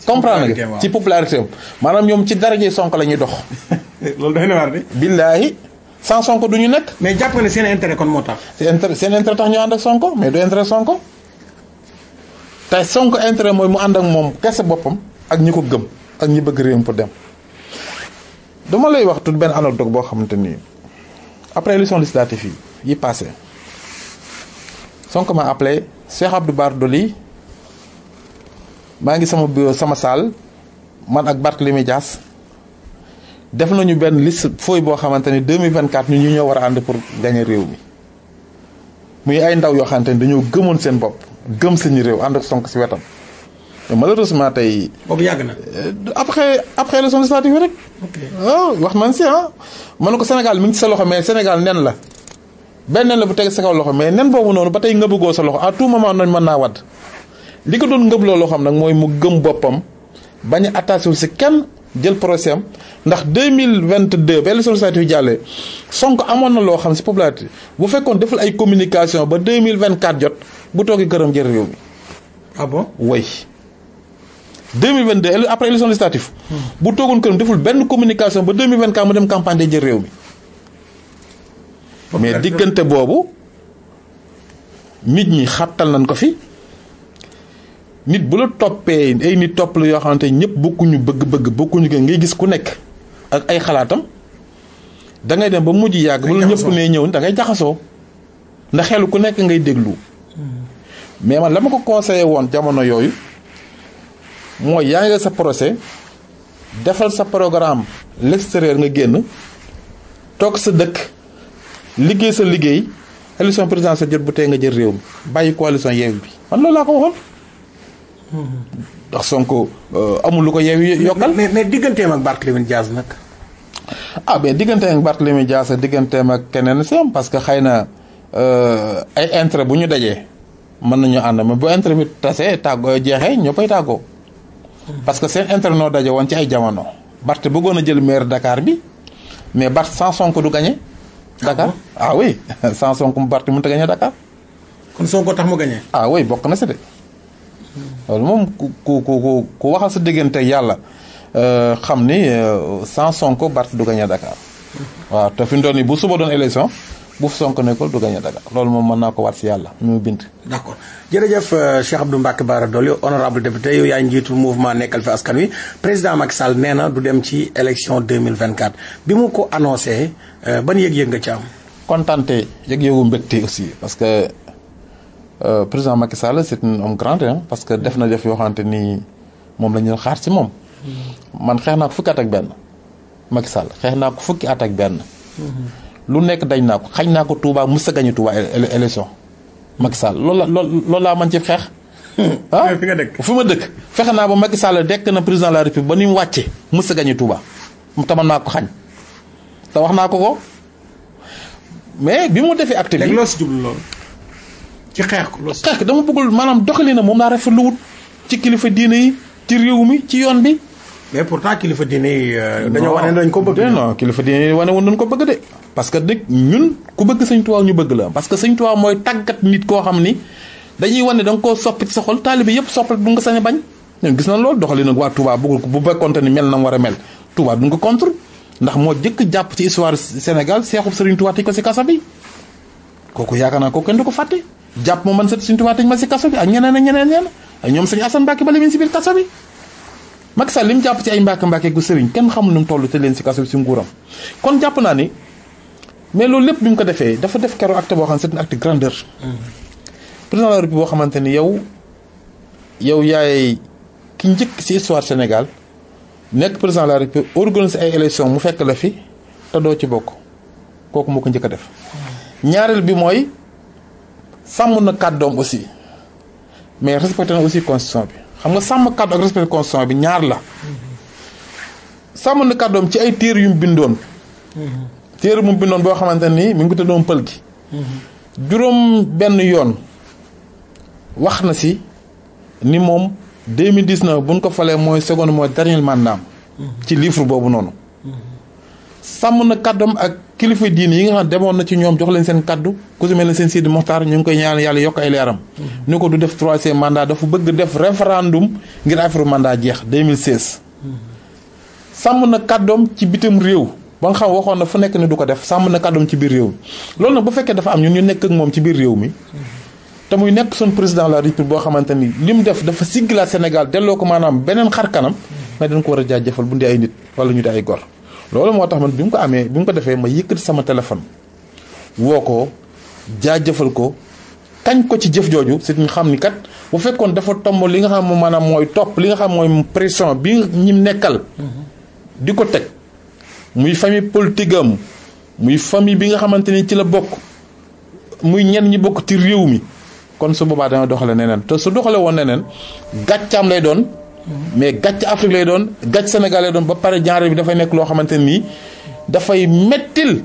comprendre nga ci popularité am maanaam ñoom ci daraje Sonko la ñuy dox. loolu doy na waar de. billaahi san Sonko du ñu nekk. mais jàpp seen intérêt moo tax. seen seen intérêt tax ñu ànd ak Sonko mais du intérêt Sonko te Sonko intérêt mooy mu ànd ak moom kese boppam ak ñi ko gëm ak ñi bëgg réew pour dem. dama lay wax tout benn dog boo xamante ni après élection législative yi yi passé Sonko m'a appelé Cheikh baar Bara Dolly maa ngi sama bureau sama salle man ak Barthélémy Dias def nañu benn liste fooy boo xamante ni 2024 ñu ñu ñoo war a ànd pour gagner réew mi muy ay ndaw yoo xamante dañoo gëmoon seen bopp gëm suñu réew ànd ak Sonko si wetam mais malheureusement tey. boobu yàgg na. Euh, après après élection législative rek. ok oh, waaw ah. ma ne ko Sénégal mi ngi sa loxo mais Sénégal nen la. benn nen la bu teg sa kaw loxo mais nen boobu noonu ba tey ngëbugoo sa loxo à tout moment noonu mën naa wadd li ko doon ngëbloo xam nag mooy mu gëm boppam bañ a attaché wu si kenn jël procès am ndax 2022 ba élection législative yi jàllee Sonko amoon na loo xam si popularité bu fekkoon deful ay communication ba 2024 jot bu toogee këram jël réew ah bon oui. 2022 après élection législative hmm. bu toogoon këram deful benn communication ba 2024 mu dem campagne day jël réew mi. mais diggante boobu nit ñi xàttal nañ ko fi nit bu la toppee ay nit topp la yoo xamante ñëpp bokkuñu bëgg-bëgg bokkuñu gën ngay gis ku nekk ak ay xalaatam dangay dem ba mujj yàgg bu la ñëpp ne ñëw da ngay jaxasoo ndax xelu ku nekk ngay déglu hmm. mais man la ma ko conseillé woon jamono yooyu mooy yaa ngi sa procès defal sa programme l'extérieur nga génn toog sa dëkk liggéey sa liggéey élection présidentielle jot bu tey nga jël réew mi bàyyi coalition yeew bi man loolu laa ko waxoon. ndax Sonko euh, amul lu ko yeew yokkal. mais mais digganteem ak Barthélémy Dias nag. a ah, mais digganteem ak Barthélémy Dias digganteem ak keneen si am parce que xay na euh, ay intérêt bu ñu dajee mën nañu ànd ma bu intérêt bi tasee tàggoo euh, jeexee ñoo koy tàggoo. parce que seen intérêt noo daje woon ci ay jamono. Barth bëggoon a jël maire Dakar bi mais Barth sans sonk du gagné. Dakar ah, ah oui sans mu parti mënut a gagné Dakar. kon Sonko tax mu gagné. ah oui bokk na si de. loolu moom ku ku ku ku waxal sa diggante yàlla euh, xam ni euh, sans Sonko parti du gagné Dakar. waaw te fi mu toll nii bu suba doon élection. bu Sonko nekkul du gagné Dakar loolu moom mën naa ko waat si yàlla mu bind. d' accord jërëjëf euh, Cheikh Abdou Mbacké Bara Dolly honorable député yow yaa njiitu mouvement nekkal fi askan wi président Macky Sall nee du dem ci élection 2024 bi mu ko annoncé euh, ban yëg-yëg nga ci am. kontante yëg-yëgu mbégte aussi parce que euh, président Macky Sall c' est un parce que def na def yoo xamante ni moom la ñu xaar si moom. Hmm. man xeex naa ko fukki at ak benn Macky Sall naa fukki at benn. Hmm. lu nekk dañ naa ko xañ naa ko Touba mës a gañu Touba élection Macky Sall loolu la loolu laa man ci xeex. ah fi nga dëkk fi ma dëkk. fexe naa ba Macky Sall dekk na président la République ba ni mu wàccee sa a gañu Touba te man naa ko xañ te wax naa ko ko mais bi mu defee acte loo si jublu ci xeex ko. xeex dama bëggul maanaam doxali na moom naa rafetlu wut ci kilifa diine yi ci réew mi ci yoon bi. mais pourtant kilifa diine yi. Euh, dañoo wane ne dañ ko bëgg. non kilifa wane woon nañ ko bëgg de. parce que dëgg ñun ku bëgg sëñ Tuubaa ñu bëgg la parce que sëñ Tuubaa mooy tàggat nit koo xam ni dañuy wane da nga koo soppi ci sa xol taalibe yëpp soppal du nga a bañ. ñun gis nañ loolu doxali nag waa Touba bëggul ko bu fekkoonte ni mel na mu war a mel Touba du contre ndax moo jëkk jàpp ci histoire Sénégal seexub Serigne Touba tëj ko si kaso bi kooku yaakaar naa ko kenn du ko fàtte jàpp ma man sët ñeneen ñeneen ñeneen ak ñoom Serigne Assane Mbacké Macky Sall li mu jàpp ci ay mbàkk mbàkk gu sëriñ kenn xamul nu mu toll te leen si kaso bi si nguuram kon jàpp naa ni mais loolu lépp bi mu ko defee dafa def keroog acte boo xam ne c'est un acte boo xamante ni yow yow yaay ki njëkk si histoire Sénégal nekk président de la République organise ay élection mu fekk la fi te doo ci bokk kooku moo ko njëkk a def. ñaareel bi mooy sàmm na kàddoom aussi mais respecté na aussi constitution bi. xam nga sàmm kàddu ak respect constitution bi ñaar la sàmm na kàddoom ci ay téere yu mu bindoon téere mu bindoon boo xamante ni mu ngi ko tuddoon pël gi juróom benn yoon wax na si ni moom 2019 bu ñu ko falee mooy second mooy dernier mandat ci livre boobu noonu sàmm na kàddam ak kilifa diine yi nga xam demoon na ci ñoom jox leen seen kàddu ku si mel ne seen Sidi Moxtaar ñu ngi koy ñaan yàlla yokk ay leeram. ni ko du def troisième mandat dafa bëgg def référendum ngir affaire mandat jeex 2016. sàmm na kàddoom ci bitim réew ba nga xam waxoon na fu nekk ni du ko def sàmm na kàddoom ci biir réew mi loolu nag bu fekkee dafa am ñun ñu nekk ak moom ci biir réew mi. te muy nekk suñu président la République boo xamante ni li mu def dafa siggilaat Sénégal delloo ko maanaam beneen xar kanam. nga dañ ko war a bu ndee ay nit wala ñu di ay gor. loolu moo tax man bi mu ko amee bi mu ko defee ma yëkkat sama téléphone woo ko jaajëfal ko kañ ko ci jëf jooju si ñu xam ni kat bu fekkoon dafa tomb li nga xam moom maanaam mooy topp li nga xam mooy pression bi ñim nekkal. di ko teg muy famille politique muy famille bi nga xamante ni ci la bokk muy ñenn ñi bokk ci réew mi kon su boobaa dana doxale neneen te su doxale woon neneen gàccaam lay doon. mais gàcc Afrique lay doon gàcc Sénégal lay doon ba pare genre bi dafay nekk loo xamante nii dafay mettil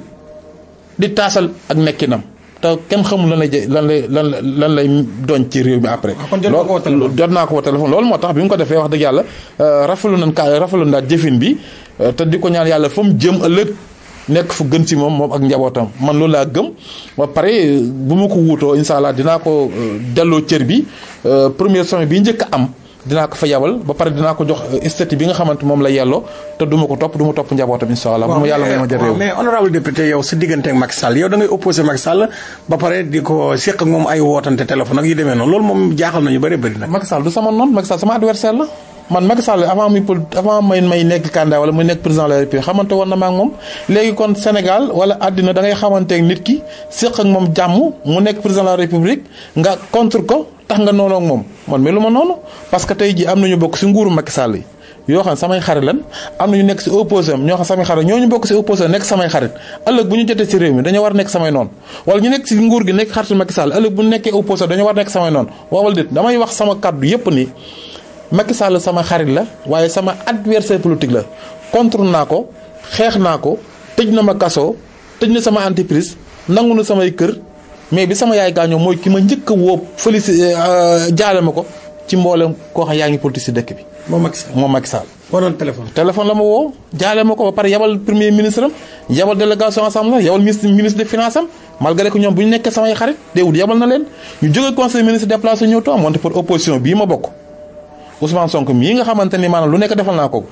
di taasal ak nekkinam te kenn xamul lan lay lan lay lan lan lay doon ci réew mi après. loolu ah, jot naa ko téléphone loolu moo tax bi mu ko defee wax dëgg yàlla euh, rafetlu nañ kaa rafetlu nañ jëfin bi euh, te di ko ñaan yàlla fa jëm ëllëg nekk fu gën si moom moom ak njabootam man loolu laa gëm ba pare euh, bu ma ko wuutoo incha allah dinaa ko delloo cër bi premier sommet bi njëkk a am. dina ko fa yabal ba pare dina ko jox euh, statut bi nga xamante moom la yelloo te du ma ko topp du ma topp njabootam incha allah. bu ma yàlla may ma jël réew mais honorable député yow ko seq ak moom ay wootante téléphone ak yu demee noonu loolu moom jaaxal nañu bëri bëri nag. Macky Sall du sama noon Macky Sall sama adversaire la. man Macky Sall avant muy avant may may nekk candidat wala muy nekk président de la République xamante woon na ma moom léegi kon Sénégal wala àddina dangay ngay xamanteeg nit ki séq ak moom jàmm mu nekk président de la République nga contre ko tax nga noonu ak moom man lu ma noonu parce que tey ji am nañu bokk si nguuru Macky Sall yi yoo xam samay xarit lan am nañu nekk si opposé am ñoo xam samay xarit ñoo ñu bokk si opposé nekk samay xarit ëllëg bu ñu jotee si réew mi dañoo war nekk samay noonu wala ñu nekk si nguur gi nekk xaritu Macky Sall ëllëg bu ñu nekkee opposé dañoo war nekk samay noonu waawal déet damay wax sama kàddu yépp ni Macky Sall sama xarit la waaye sama adversaire politique la contre naa ko xeex naa ko tëj na ma kaso tëj na sama entreprise nangu na samay kër mais bi sama yaay gaañoo mooy ki ma njëkk a woo félicité euh, euh, jaale ko ci mboolem koo xam yaa ngi politique si dëkk bi. moom Macky Sall moom Macky Sall. waroon téléphone. téléphone la ma woo jaale ko ba pare yabal premier ministre am yabal délégation assemblée yabal ministre ministre des finances am leen ñu jógee conseil ministre déplacé ñëw toog wante pour opposition bii ma bokk nga xamante ni maanaam lu nekk defal naa ko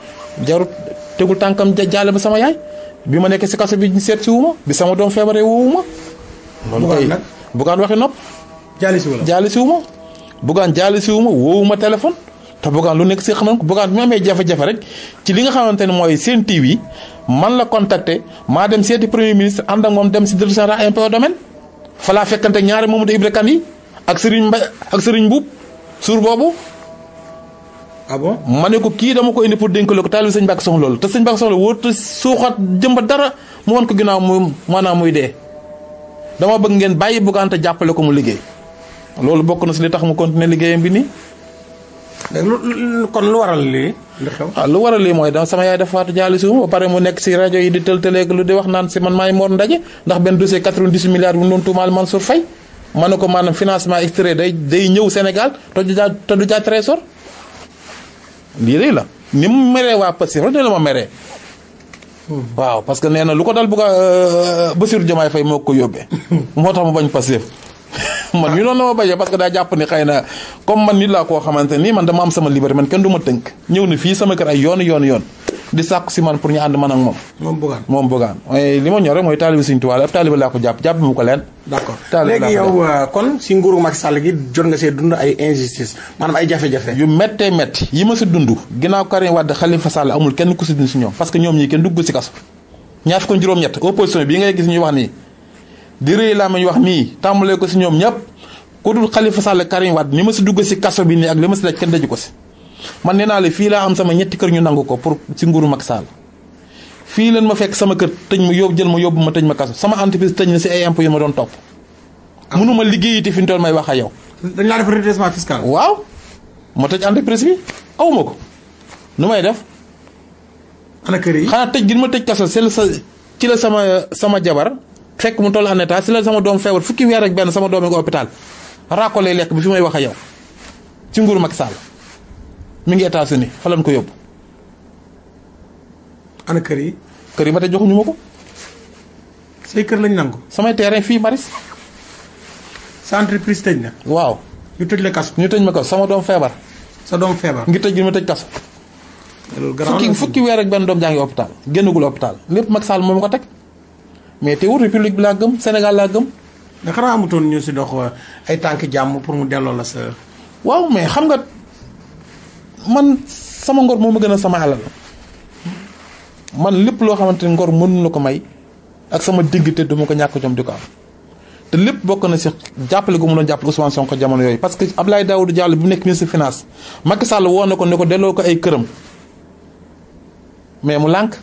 jarut tegul tànkam jaale sama yaay bi ma nekk si kaso bi ñu seet si wu bi sama doom feebaree woowu loolu kay bugaan waxi nopp. jaalisi wu la jaalisi wu ma. bugaan jaalisi wu ma woowu ma téléphone. te bugaan lu nekk si xam ko bugaan bi amee jafe-jafe rek ci li nga xamante ne mooy seen yi man la contacter maa dem seeti premier ministre ànd ak moom dem si direction générale impôts domaine. fa laa fekkante ñaari Mamadou Ibra Kane yi ak Serigne Mbaye ak Serigne Mbuub suur boobu. ah bon ma ne ko kii dama ko indi pour dénk la ko taalibi sëñ Mbàkke soxla loolu te sëñ Mbàkke soxla wóor te suuxat jëmba dara mu wan ko ginnaaw muy dee. dama bëgg ngeen bàyyi buggante jàppale ko mu liggéey loolu bokk na si li tax mu continuer liggéeyam bi nii. kon lu waral lii. waaw ah, lu waral lii mooy dama sama yaay dafa faatu jaali suum ba pare mu nekk si rajo yi di tëltaleeg lu di wax naan si man maay Mor Ndaje ndax benn dossier 90 milliards bu ñu doon tuumaal Mansour Faye ma ne ko maanaam financement extérieur day day ñëw senegal te du jaa te du jaa lii rek la ni mu meree waa Pastef rek ne la ma meree waaw parce que nee na lu ko dal bu ko euh, Bassirou Diomaye Faye moo ko yóbbee. moo tax mu bañ Pastef man ñu noonu la ma bañee parce que daa jàpp ni xëy na comme man nit laa koo xamante nii man dama am sama liberté man kenn du ma tënk. ñëw na fii sama kër ay yoon yoon yoon. di sàkk si man pour ñu ànd man ak moom. moom Bougane moom Bougane li ma ñor rek mooy taalibi Sëriñ Tuubaa la ab taalibi laa ko jàpp jàpp mu ko leen. d'accord léegi yow euh, kon si nguuru Macky Sall gi jot nga see dund ay injustice maanaam ay jafe-jafe. yu méttee métti yi ma si dund ginnaaw Karim Wade Khalifa Sall amul kenn ku si dund si ñoom parce que ñoom ñii kenn dugg si kaso. ñaar fukk ak juróom-ñett opposition bi ngay gis ñuy wax nii di rëy laa ñu wax nii tàmbalee ko si ñoom ñëpp ku dul Khalifa Sall Karim Wade ni ma si dugg si kaso bi nii ak li ma si daj kenn daju ko si man nee naa la fii laa am sama ñetti kër ñu nangu ko pour si nguuru Macky saal fii leen ma fekk sama kër tëj ma yóbbu jël ma yóbbu ma tëj ma kaso sama entreprise tëj na si ay impôts yu ma doon topp. Ah. mënu ma liggéeyati fi mu toll may wax ak yow. dañ laa def redressement fiscal. waaw ma tëj entreprise bi aw ma ko nu may def. ana kër yi xanaa tëj gi ma tëj kaso sel sa ci la sama sama jabar fekk mu toll en état si la sama doom feebar fukki weer ak benn sama doom yi hôpital raakolee lekk bi fi may wax a yow ci nguuru Macky saal mi ngi États-Unis fa lañ ko yóbbu. ana kër yi. kër yi ba tey joxuñu ma ko. say kër lañ nangu. samay terrain fii Maris. sa entreprise tëj na. waaw. ñu tëj la kaso. ñu tëj ma ko sama doom feebar. sa doom feebar. ngi tëj gi ma tëj kaso. fukki fukki weer ak benn doom jaa ngi hôpital génnagul hôpital lépp Macky Sall moom ko teg mais teewul république bi laa gëm Sénégal laa gëm. mais xanaa amutoon ñu si dox euh, ay tànk jàmm pour mu delloo la sa. waaw mais xam nga man sama ngor moom ma gën a sama alal man lépp loo xamante ni ngor mënu la ko may ak sama dignité duma ko ñàkk jom di ko am te lépp bokk na si jàppale gu mu doon jàppale Ousmane Sonko jamono yooyu parce que Abdoulaye Daouda Diallo bu nekk ministre finance Macky Sall woo na ko ne ko delloo ko ay këram mais mu lànk.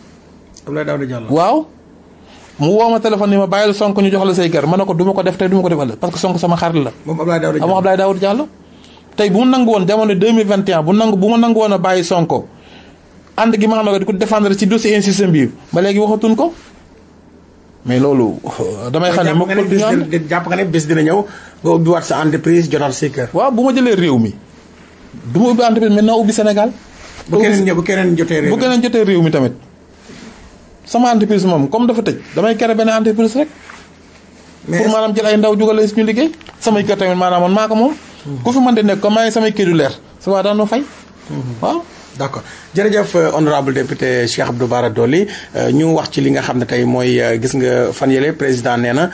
Abdoulaye Daouda Diallo waaw. mu woo ma téléphone ma bàyyil Sonko ñu jox say kër ma ne ko du ko def tey du ko def ëllëg parce que Sonko sama xarit la. moom Abdoulaye tey bu mu nangu woon jamono 2021 bu nangu bu ma nangu woon a bàyyi Sonko ànd gi ma ànd ko di ko défendre ci dossier incisem bi ba léegi waxatuñ ko mais loolu. damay xam ne ma ko du am jàpp nga ne bés dina ñëw nga ubbiwaat sa entreprise jotaat si kër. waaw bu ma jëlee réew mi du ma ubbi entreprise mais ubbi Sénégal. bu keneen ñëw keneen jotee réew mi bu jotee réew mi tamit sama entreprise moom comme dafa tëj damay créer benn entreprise rek. pour maanaam jël ay ndaw jugal si ñu liggéey. samay kër tamit maanaam man maa ko moom. ku fi mën di nekk comme maa samay kii du leer su waa daanoo fay mhm. waaw d' accord jërëjëf euh, honorable député Cheikh Abdou Bara Dolly euh, ñu wax ci li nga xam ne tey mooy euh, gis nga fan yële président nee na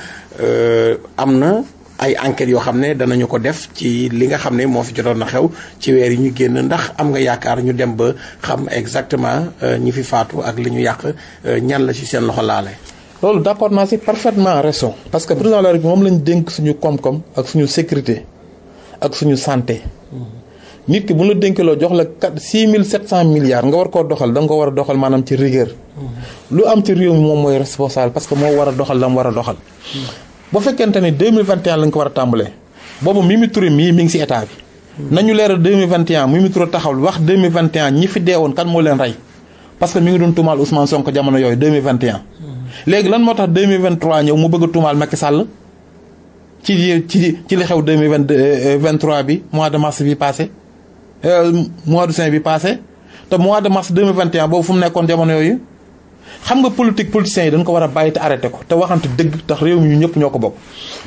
am na ay enquêtes yoo xam ne danañu ko def ci li nga xam ne moo fi jotoon na xew ci weer yi ñu génn ndax am nga yaakaar ñu dem ba xam exactement ñi fi faatu ak li ñu yàq ñan la ci seen loxo laale. loolu d' accord naa si parfaitement raison. parce que président de la République moom dénk suñu koom ak suñu sécurité. ak suñu santé. nit ki bu la dénkaloo jox la quatre six mille sept cent milliards nga war koo doxal da nga ko war a doxal maanaam ci rigueur. lu am ci réew moom mooy responsable parce moo war a doxal la war a doxal. bu fekkente ne 2021 mii mi ngi bi. nañu leeral 2021 Mimi Touré taxaw wax 2021 ñi fi deewoon kan moo leen rey parce que mi ngi tuumaal Ousmane Sonko jamono yooyu léegi lan moo tax 2023 ñëw mu bëgg tuumaal Macky Sall. ci ci ci li xew deux mille vingt euh, vingt trois bi mois de mars bi passé euh, mois de juin bi passé te mois de mars deux mille vingt et boobu fu mu nekkoon jamono yooyu xam nga politique politiciens yi dañ ko war a bàyyi te arrêté ko te waxante dëgg tax réew mi ñu ñëpp ñoo ko bokk.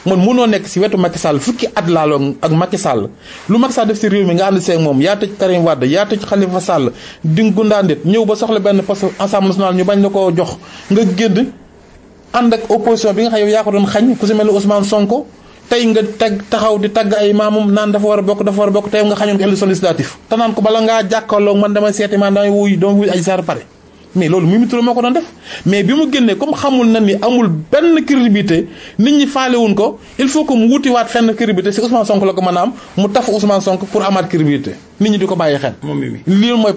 man mënoo nekk si wetu Macky Sall fukki at laaloon ak Macky Sall lu Macky Sall def si réew mi nga ànd seeg moom yaa tëj Karim Wade yaa tëj Khalifa Sall di nga gundaandeet ñëw ba soxla benn poste Assemblée nationale ñu bañ la koo jox nga génn ànd ak opposition bi nga xam yow yaa ko doon xañ ku si mel ni Ousmane Sonko. tey nga teg taxaw di tagg ay maamum naan dafa war a bokk dafa war a bokk tey nga xañoon ko élection législative te naan ko bala ngaa jàkkaarloo man damay seeti man damay wuy damay wuy Adji Sarr pare mais loolu Mimi Touré moo ko doon def mais bi mu génnee comme xamul na ni amul benn crédibilité nit ñi faalewuñ ko il faut que mu wutiwaat fenn crédibilité si Ousmane Sonko la ko mën mu taf Ousmane Sonko pour amaat crédibilité nit ñi di ko bàyyi xel. moom Mimi lii mooy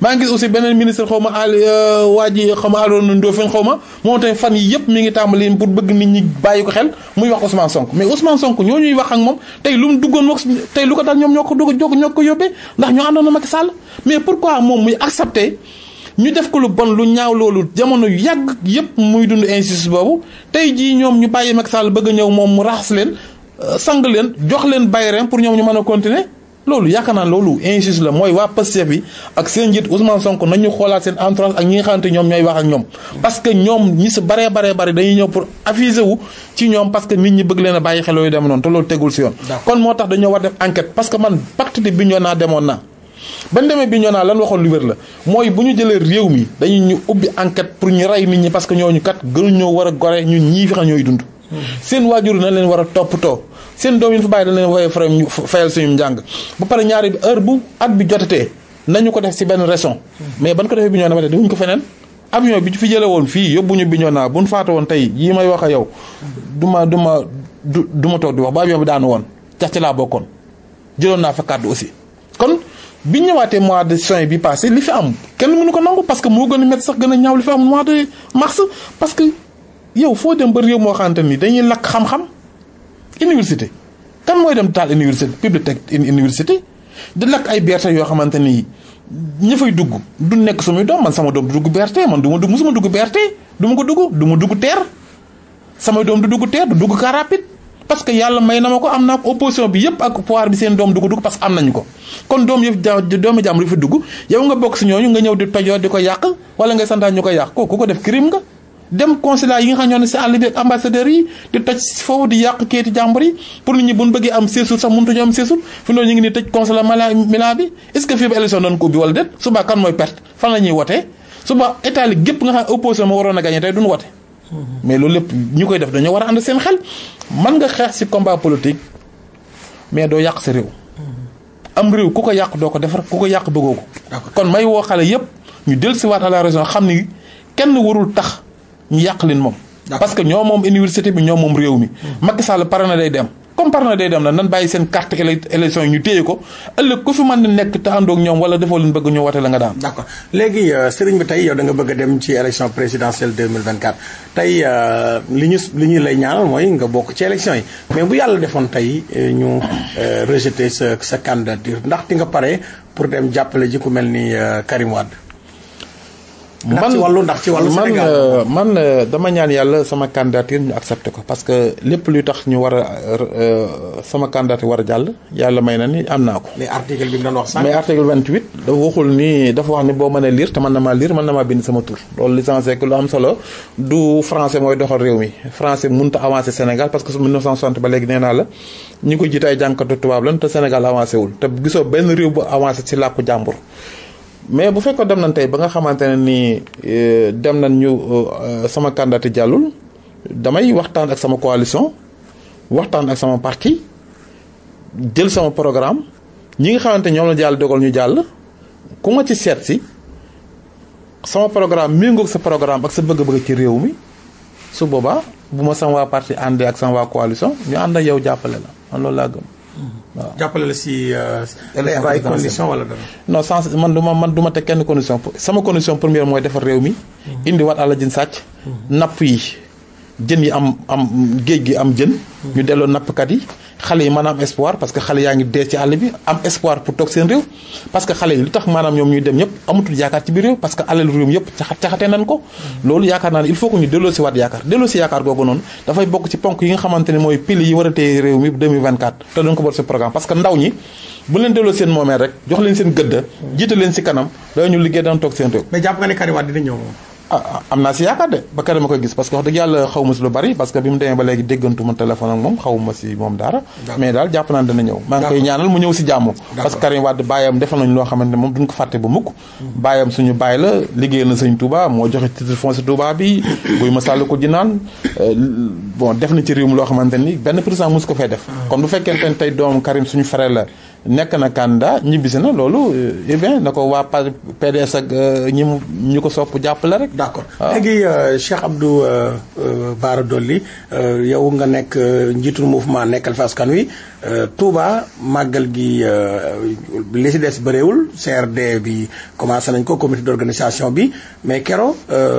maa ngi gis aussi beneen ministre xaw ma al euh, waa ji xaw ma Alioune Ndofène ma moom tamit fan yi yëpp mi ngi tàmbali pour bëgg nit ñi bàyyi ko xel muy wax Ousmane Sonko mais Ousmane Sonko ñoo ñuy wax ak moom tey lu mu duggoon wax tey lu ko daal ñoom ñoo ko dugg ñoo ko yóbbee ndax ñoo àndoon na Macky Sall mais pourquoi moom muy accepté ñu def ko lu bon lu ñaaw loolu jamono yàgg yëpp muy dund injustice boobu tey jii ñoom ñu bàyyi Macky Sall bëgg a ñëw moom mu raxas leen euh, sang leen jox leen bàyyi ren pour ñoom ñu mën a continuer loolu yaakaar naa loolu injuste la mooy waa Pastef bi ak seen njiit Ousmane Sonko nañu xoolaat seen entourage ak ñi nga xamante ñoom ñooy wax ak ñoom. parce que ñoom ñi si baree baree bari dañuy ñëw pour affiser wu ci ñoom parce que nit ñi bëgg leen a bàyyi xel yooyu dem noonu te loolu tegul si yoon. kon moo tax dañoo war def enquête parce que man pacte de Bignona demoon naa. bañ demee Bignona lan waxoon lu wér la mooy bu ñu jëlee réew mi dañuy ñu ubbi enquête pour ñu rey nit ñi parce que ñooñu kat gënuñoo war a gore ñun ñii fi xam ñooy dund. seen waajur na leen war a toppatoo seen doom yi fa bàyyi dañ leen woowee fayal suñu njàng. ba pare ñaari bi heure bu at bi jotatee nañu ko def si benn raison. mais ban ko defee bi ko feneen. avion bi fi jëlee woon fii yóbbuñu bi ñoo bu ñu faata woon tey yii may wax a yow du ma du ma du du ma toog di wax ba avion bi daanu woon cax ci laa bokkoon jëloon naa fa kàddu aussi kon. bi ñu ñëwaatee mois de juin bi passé li fi am kenn mënu ko nangu parce moo gën a métti sax gën a ñaaw li fi am mois de mars parce yow foo dem ba réew moo xamante ni dañuy lakk xam-xam université kan mooy dem taal université bibliothèque université di lakk ay berte yoo xamante ni ña fay dugg du nekk sumuy doom man sama doom du dugg berte man du ma dugg musuma dugg berte du ma ko dugg du ma dugg teer samay doom du dugg teer du dugg car parce que yàlla may na ma ko am naa ko bi yëpp ak pouvoir bi seen doom du ko dugg parce que am nañu ko kon doom yëpp ja doomi jàmbur yi fi dugg yow nga bokk si ñooñu nga ñëw di tojoo di ko yàq wala ngay santaan ñu ko yàq kooku ko def crime nga dem consulat yi nga xam ñoo ne si àll bi yi di toj foofu di yàq kayiti jàmbur yi pour nit ñi bu ñu bëggee am séesul sax mënut ñu am séesul fi mu ñu ngi nii tëj consulat mala Milan bi est-ce que fii ba élection doon ko ubbi wala déet suba kan mooy perte fan la wotee suba état gépp nga xam ne opposition ma a gagné tey mais loolu lépp ñu koy def dañoo war a xel man nga xeex si combat politique mais doo yàq sa réew. am réew ku ko yàq doo ko defar ku ko yàq bëggoo ko. kon may woo xale yépp ñu dellusiwaat à la raison xam ni kenn warul tax ñu yàq leen moom. parce que ñoo moom université bi ñoo moom réew mi. Hmm. Macky Sall pare na day dem. comme par na day dem na nan bàyyi seen carte élection yi ñu téye ko ëllëg ku fi nekk te àndoog ñoom wala defoo leen bëgg ñu woote la nga daan. d' accord léegi euh, sëriñ bi tey yow da nga bëgg a dem ci élection présidentielle 2024 tey euh, li ñu li ñu lay ñaanal mooy nga bokk ci élection yi mais bu yàlla defoon tey euh, ñu rejeté sa sa candidature ndax di nga pare pour dem jàppale ji ku mel ni Karim Wade. ndax ci ndax ci wàllu Sénégal euh, man man euh, dama ñaan yàlla sama candidature ñu accepté ko parce que lépp luy tax ñu war a euh, sama candidature war a jàll yàlla may na ni am naa ko. mais article bi mu wax sànq. mais article 28 dafa waxul ni dafa wax ni boo mënee lire te mën na ma liir ma na ma bind sama tur loolu licencié que lu am solo du français mooy doxal réew mi français mun a avancer Sénégal parce que su 1960 ba léegi nee naa la ñu ko jiit ay jànkatu tubaab lan te Sénégal avancé wul te gisoo benn réew bu avancé ci làkku jàmbur. mais bu fekkoon dem na tey ba nga xamante ne ni euh, dem nañ ñu euh, sama candidat jàllul damay waxtaan ak sama coalition waxtaan ak sama parti jël sama programme ñi nga xamante ñoom la jàll dogal ñu jàll ku ma ci seet si sama programme méngoog sa programme ak sa bëgg-bëgg ci réew mi su boobaa bu ma sama waa parti àndee ak sama coalition ñu ànd ak yow jàppale la man loolu laa gëm. waaw jàppale la si. Euh, ay conditions wala dara. non sans man du ma man du ma teg kenn condition sama condition première mooy defar réew mi. Mhm. indiwaat àll jën sàcc. Mhm. napp yi. jën yi am am géej gi am jën. ñu delloo nappkat yi xale yi maanaam espoir parce que xale yaa ngi dee ci àll bi am espoir pour toog seen réew. parce que xale yi lu tax maanaam ñoom ñuy dem ñëpp amatul yaakaar ci biir réew parce que alal réew yëpp caxat caxate nañ ko. loolu yaakaar naa ne il faut que ñu delloo si waat yaakaar delloo si yaakaar googu noonu dafay bokk ci ponk yi nga xamante mooy pili yi war a téye réew mi 2024. te dañ ko boole si programme parce que ndaw ñi bu leen delloo seen moomeel rek jox leen seen kanam dañu liggéey daan toog seen réew. Ah, am naa si yaakaar de ba keroog koy gis parce que wax dëgg yàlla xaw ma si lu bari parce que bi mu demee ba léegi déggantuma téléphone ak moom xaw ma si moom dara mais daal jàpp naa dana ñëw maa koy ñaanal mu ñëw si jàmm parce que Karim Wade defal nañu loo xamante ne moom duñ ko fàtte bu mukk hmm. bàyyam suñu bàyyi la liggéey na sëñ Touba moo joxe titre foncier Touba bi buy hmm. masàllu ko jinaan euh, bon def na ci réew mi loo xamante ni benn président mosu ko fee def hmm. kon bu fekkee tey doom Karim suñu frère la nekk na candidat ñibbisi na loolu euh, eh na ko waa PDS ak euh, ñi mu ñi ko sopp jàppale rek. d'accord ah. léegi euh, Cheikh Abdou Bara Dolly yow nga nekk njiitul mouvement nekkal fi askan wi Touba màggal gi li si des bëreewul CRD bi commencé nañ ko comité d'organisation bi mais kero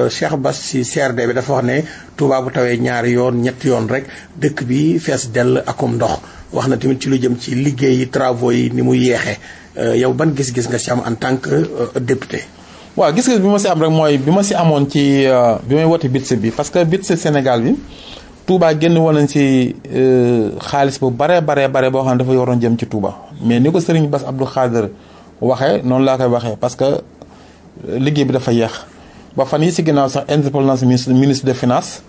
Cheikh Bass ci CRD bi dafa wax ne Touba bu tawee ñaari yoon ñetti yoon rek dëkk bi fees dell akum ndox. wax na tamit ci lu jëm ci liggéey yi travaux yi ni mu yeexee euh, yow ban gis-gis nga si am en tant que euh, député. waaw gis-gis bi ma si am rek mooy bi ma si amoon ci euh, bi may wote budget bi parce que budget Sénégal bi Touba génn woon nañ si xaalis bu bare bare bare boo xam ne dafa yoroon jëm ci Touba mais ni ko Serigne Bass Abdou Khader waxe noonu laa koy waxee parce que liggéey bi dafa yeex ba fan yi si ginnaaw sax interpellance ministre ministre des finances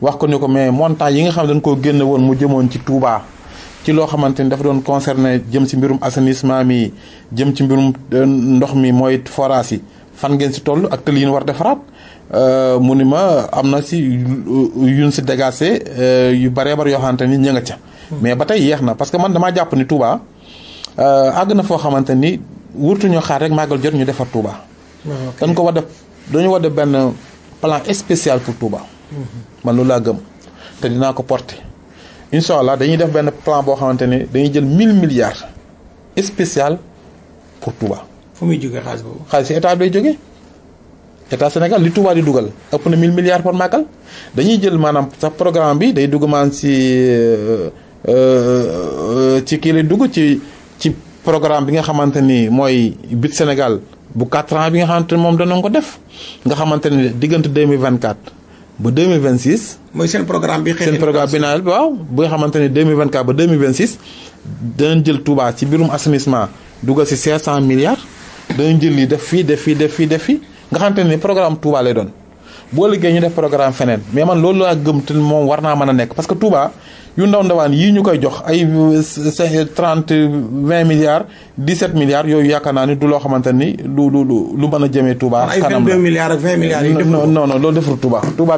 wax ko ni ko mais montant yi xam dañ koo génn mu jëmoon ci Touba. ci loo xamante ni dafa doon concerné jëm si mbirum assainissement mi jëm ci mbirum euh, ndox mi mooy forage yi fan ngeen si toll ak tël yi ñu war defaraat euh, mu ni ma am na ci yuñ ci dégacé euh, yu baree bari yoo xamante ni ña nga ca. mais ba tey yeex na parce que man dama jàpp ni Touba àgg na foo xamante ni wurtuñoo xaar rek màggal jot ñu defar Touba. Ah, dañ ko war def dañu war benn plan spécial pour Touba. Mm-hmm. man loolu laa gëm te dinaa ko porter. incha allah dañuy def benn plan boo xamante ne dañuy jël mille milliards spécial pour Touba. fu muy jóge xaalis boobu. xaalis si état bi lay jógee état Sénégal li Touba di dugal ëpp na mille milliards par màggal dañuy jël maanaam sax programme bi day dugg maanaam si euh, euh, ci kii lay dugg ci ci programme bi nga xamante ni mooy bit Sénégal bu 4 ans bi nga xamante ne moom dana ko def nga xamante ne diggante 2024. ba deux mille vingt six. mooy seen programme bi. seen programme bi naan waaw bi nga xamante ne deux mille vingt ba deux jël Touba ci biirum assainissement dugal si cinq cent milliards danañ jël lii def fii def fii def fii def fi nga xamante ne programme Touba lay doon. boo liggéey ñu def programme feneen mais man loolu laa gëm te moom war naa mën a nekk parce que Touba yu ndaw ndawaan yii ñu koy jox ay trente vingt milliards dix sept milliards yooyu yaakaar naa ni du loo xamante ni du du lu mën a jëmee Touba. kanam ay vingt deux milliards ak vingt milliards yi. non non non loolu deful Touba.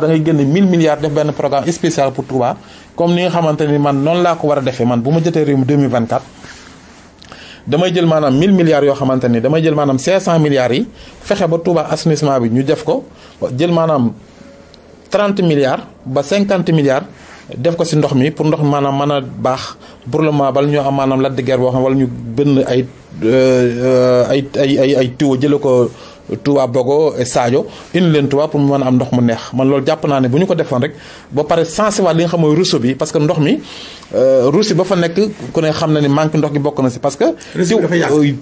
def benn programme spécial pour Touba comme ni nga man noonu laa ko war a defee man bu ma jotee réew mi damay jël maanaam mille milliards yoo xamante ni damay jël maanaam 500 milliards yi fexe ba Touba assainissement bi ñu def ko jël maanaam 30 milliards ba cinquante milliards def ko ci ndox mi pour ndox maanaam mën a baax pour le moment bala ñu am maanaam ladde guerre boo xam wala ñu bënn euh, euh, ay ay ay ay ay tuyau jële ko. Touba Bogo et Sadio indi leen Touba pour mu mën a am ndox mu neex man loolu jàpp naa ne bu ñu ko defoon rek ba pare sensibiliser li nga xam mooy bi parce que ndox mi euh, ruusi ba fa nekk ku ne xam na ni manque ndox gi bokk na si parce que.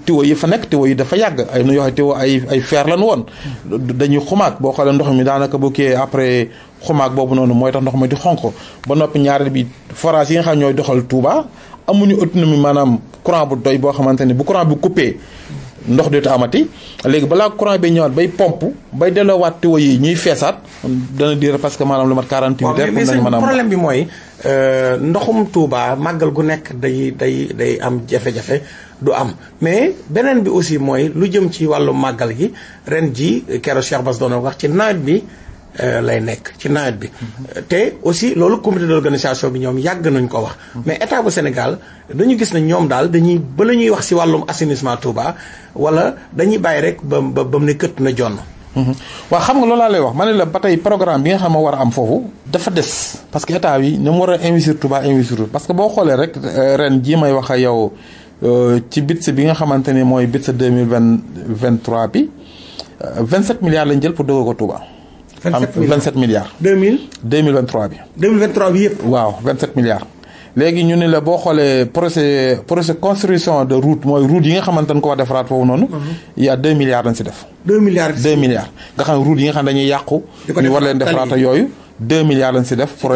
tiwo yi fa nekk tiwo yi dafa yàgg ay nu yoo ay ay fer lan woon. dañuy xumaag boo xoolee ndox mi daanaka bu kii après. xumaag boobu noonu mooy tax ndox ma di xonq ba noppi ñaareel bi forage yi nga xam ñooy doxal Touba amuñu autonomie maanaam courant bu doy boo xamante ne bu courant bu coupé ndox dootu amati léegi balaa courant bi ñëwaat bay pompe bay delloowaat tuyau yi ñuy feesaat dana dire parce que maanaam lu mat 48 heures. pour nañu mën a problème bi mooy euh, ndoxum Touba màggal gu nekk day day day am jafe-jafe du am mais beneen bi aussi mooy lu jëm ci wàllu màggal gi ren ji keroog Cheikh Bass wax ci nawet bi. Euh, lay nekk ci nawet bi. te aussi loolu comité d'organisation bi ñoom yàgg nañ ko wax. mais état bu Sénégal dañu gis ne ñoom daal dañuy ba la ñuy wax ci wàllum assainissement Touba wala dañuy bàyyi rek ba ba ba mu ne këtt na jonn mhm. waa xam nga loolaa lay wax ma ne la ba tey programme bi nga xam ne war a am foofu dafa des parce que état bi ñoom war a investir Touba investir parce que boo xoolee euh, ren jii may wax ak yow euh, ci bits bi nga xamante ne mooy bits deux mille vingt vingt trois bi vingt sept milliards lañ jël pour dëgg ko Touba. 27 milliards milliards. 2000. 2023 bi. 2023 bi yëpp. waaw 27 milliards. léegi ñu ne la boo xoolee projet projet construction de route mooy route yi nga xamante ne koo defaraat foofu noonu. Mhm. y' a 2 milliards dañ si def. 2 milliards 2 milliards. nga xam route yi nga xam dañuy yàqu. ñu war leen defaraat yooyu. 2 milliards si def. pour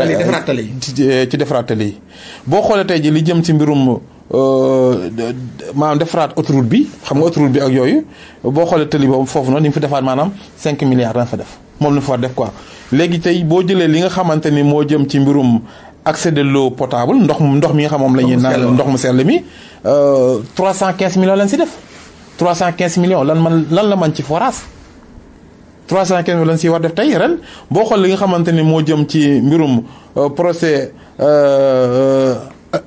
ci defaraat tali boo xoolee tey ji li jëm ci mbirum. Euh, maanaam defaraat autoroute bi xam nga autoroute bi ak yooyu boo xoolee tëli boobu foofu noonu ni fi defaat maanaam cinq milliards dana fa def moom la fa war def quoi. léegi tey boo jëlee li nga xamante ni moo jëm ci mbirum accès de potable ndox mu ndox mi nga xam moom la ñuy naan ndox mu sell mi 315 euh, millions lañ si def 315 millions lan man lan la man ci forage 315 millions lañ si def tey ren boo xool li nga xamante ni moo jëm ci mbirum euh, procès.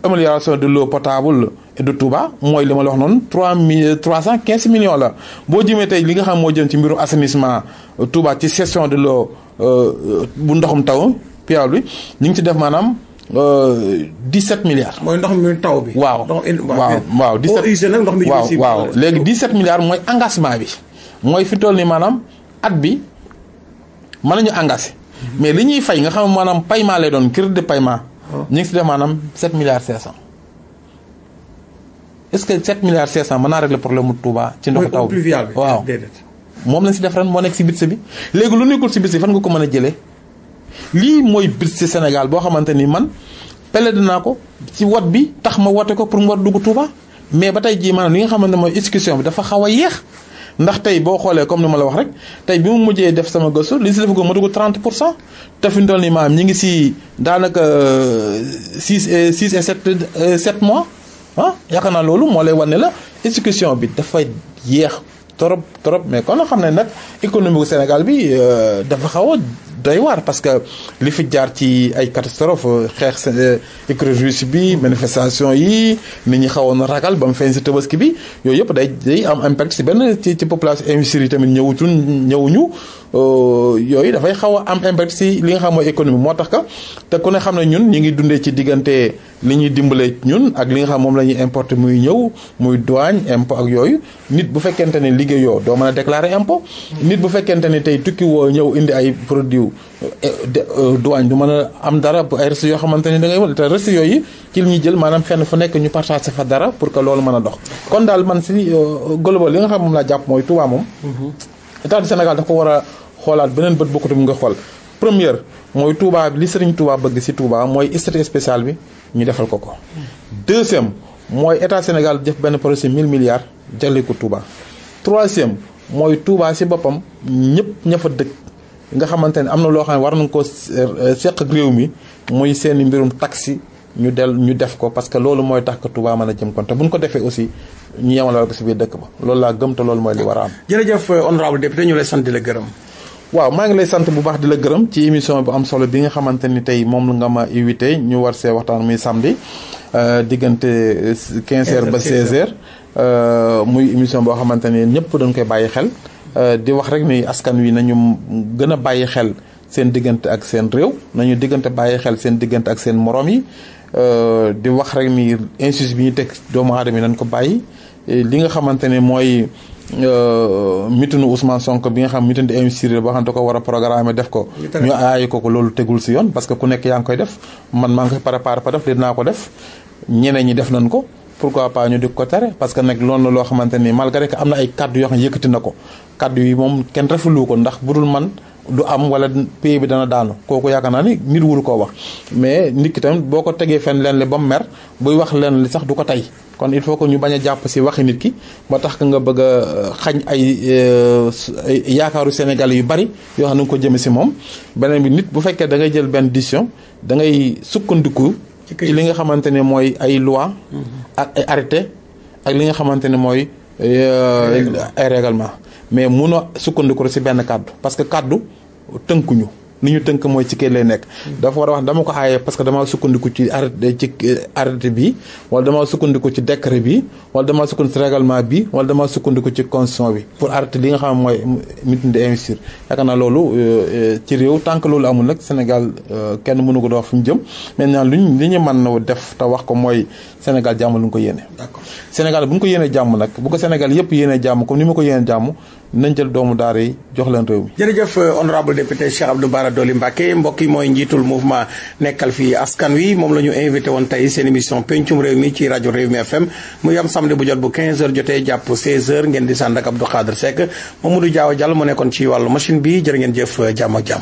amélioration de l'eau potable de Touba mooy li ma la wax noonu trois mille trois cent quinze millions la boo jëmee tey li nga xam moo jëm ci mbirum assainissement euh, Touba ci gestion de l'eau euh, bu ndoxum taw piyal bi ñu ngi ci def maanaam euh, dix sept milliards. mooy ndox mi taw bi. waaw waaw waaw dix sept ndox mi waaw waaw léegi dix sept milliards mooy engagement bi mooy fi toll nii maanaam at bi man nañu engage mm-hmm. mais li ñuy fay nga xam maanaam paiement lay doon crédit de paiement. ñu ngi si def maanaam 7 milliards 500. est-ce que 7 milliards 500 mën naa régler problème mu Touba. ci ndoxu taw bi waaw moom lañ si def ren moo nekk si budget bi léegi lu nekkul si budget bi fan nga ko mën a jëlee lii mooy budget ci Sénégal boo xamante ni man pelle naa ko ci wot bi tax ma wote ko pour mu war dugg Touba mais ba tey jii maanaam li nga xamante mooy exécution bi dafa xaw a yéex. ndax tey boo xoolee comme ni ma la wax rek tey bi mu mujjee def sama gëstu li si def ko ma dugg 30 pour cent te fi mu toll nii maam ñi ngi si daanaka 6 euh, euh, et 6 et 7 7 mois ah yaakaar naa loolu moo lay wane la exécution bi dafay yéex trop trop mais kon nga xam ne nag économie bu Sénégal bi euh, dafa xaw a day waar parce que li fi jaar ci ay catastrophe xeex euh, écrojus bi manifestation yi nit ñi xawoon ragal ba mu feeñ si tabaski bi yooyu yëpp day day am impact si benn ci ci population investisseurs yi tamit ñëwutuñ ñëwuñu euh, yooyu dafay xaw a am impact si li nga xam mooy économie moo tax ka te ku ne xam ne ñun ñu ngi dundee ci diggante li ñuy dimbalee ñun ak li nga xam moom la ñuy importer muy ñëw muy douane impôt ak yooyu nit bu fekkente ne liggéeyoo doo mën a déclarer impôt. nit bu fekkente ne tey tukki woo ñëw indi ay produit eh, euh, douane du mën a am dara bu ay restes yoo ne da ngay wala te restes yooyu ci li ñuy jël maanaam fenn fu nekk ñu partagé fa dara pour que loolu mën a dox. kon daal man si euh, global li nga xam moom laa jàpp mooy tubaa moom. Mm-hmm. état du Sénégal dafa ko war a xoolaat beneen bët bokkatu mu nga xool première mooy Touba li Serigne Touba bëgg si Touba mooy statut spécial bi. ñu defal ko ko. deuxième mooy état Sénégal jëf benn projet mille milliards jagle ko Touba. troisième mooy Touba si boppam ñëpp ña fa dëkk nga xamante ne am na loo xam ne war nañ ko euh, seq ak réew mi muy seen mbirum taxi ñu del ñu def ko parce que loolu mooy tax ko Touba mën a jëm kon te bu ñu ko defee aussi ñu yemalal ko si biir dëkk ba loolu laa gëm te loolu mooy li war a am. jërëjëf honorable député ñu lay sant di la gërëm. waaw maa ngi lay sant bu baax di la gërëm ci émission bu am solo bi nga xamante ni tey moom nga ma invité ñu war see waxtaan muy samedi euh, diggante 15 euh, heures ba 16 heures euh, muy émission boo xamante ni ñëpp dañ koy bàyyi xel di wax rek ni askan wi nañu gën a bàyyi xel seen diggante ak seen réew nañu diggante bàyyi xel seen diggante ak seen morom yi di wax rek ni injustice bi ñu teg doomu aadama yi nañ ko bàyyi li nga xamante ne mooy Euh, mitinu Ousmane Sonko bi nga xam mitin di investir boo xam da ko war a programme def ko ñu aayi ko ko loolu tegul si yoon parce que ku nekk yaa ngi koy def man maa ngi koy préparé pa def dinaa ko def ñeneen ñi def nañ ko pourquoi pas ñu di ko tere parce que nag loolu na loo xamante ni malgré que am na ay kaddu yoo xam ne ko kaddu yi moom kenn rafetlu ko ndax budul man du am wala pays bi dana daanu kooku yaakaar naa ni nit wuru koo wax mais nit boo ko tegee fenn leen li ba mu mer buy wax leen li sax du ko tey kon il faut que ñu bañ a jàpp si waxi nit ki ba tax ka nga bëgg a euh, xañ ay euh, yaakaaru Sénégal yu bari yoo xam ne nga ko jëme si moom beneen bi nit bu fekkee dangay jël benn décision da ngay sukkandiku ci li nga xamante ne mooy ay loi mm-hmm. ak ay arrêté ak li nga xamante ni mooy euh, ay règlement mais munoo sukkandiku si benn kàddu parce que kàddu tënkuñu ni ñu tënk mooy ci kër lay nekk. dafa war a wax dama ko aaye parce que damaa sukkandiku ci arrêté ci arrêté bi wala damaa sukkandiku ci décret bi wala dama sukkandiku ci règlement bi wala damaa sukkandiku ci constitution bi pour arrêté li nga xam mooy meeting de investir yaakaar naa loolu euh, euh, ci réew tant loolu amul nag Sénégal euh, kenn mënu ko doo fu mu jëm maintenant luñ li ñu mën na def te wax ko mooy Sénégal jàmm lu ñu ko yéene. d'accord Sénégal bu ñu ko yéenee jàmm nag bu ko Sénégal yëpp yéenee jàmm comme ni ma ko yéenee jàmm. nañ jël doomu daar yi jox leen réew mi. jërëjëf honorable député Cheikh Abdou Bara Dolly Mbacké mbokk yi mooy njiitul mouvement nekkal fii askan wi moom la ñu invité woon tey seen émission pencum réew mi ci rajo Réew mi FM mu yam samedi bu jot bu 15h jotee jàpp 16h ngeen di sànd ak Abdou Khadre Seck Mamadou Diaw Diallo mu nekkoon ci wàllu machine bi jërë ngeen jëf jàmm ak jàmm.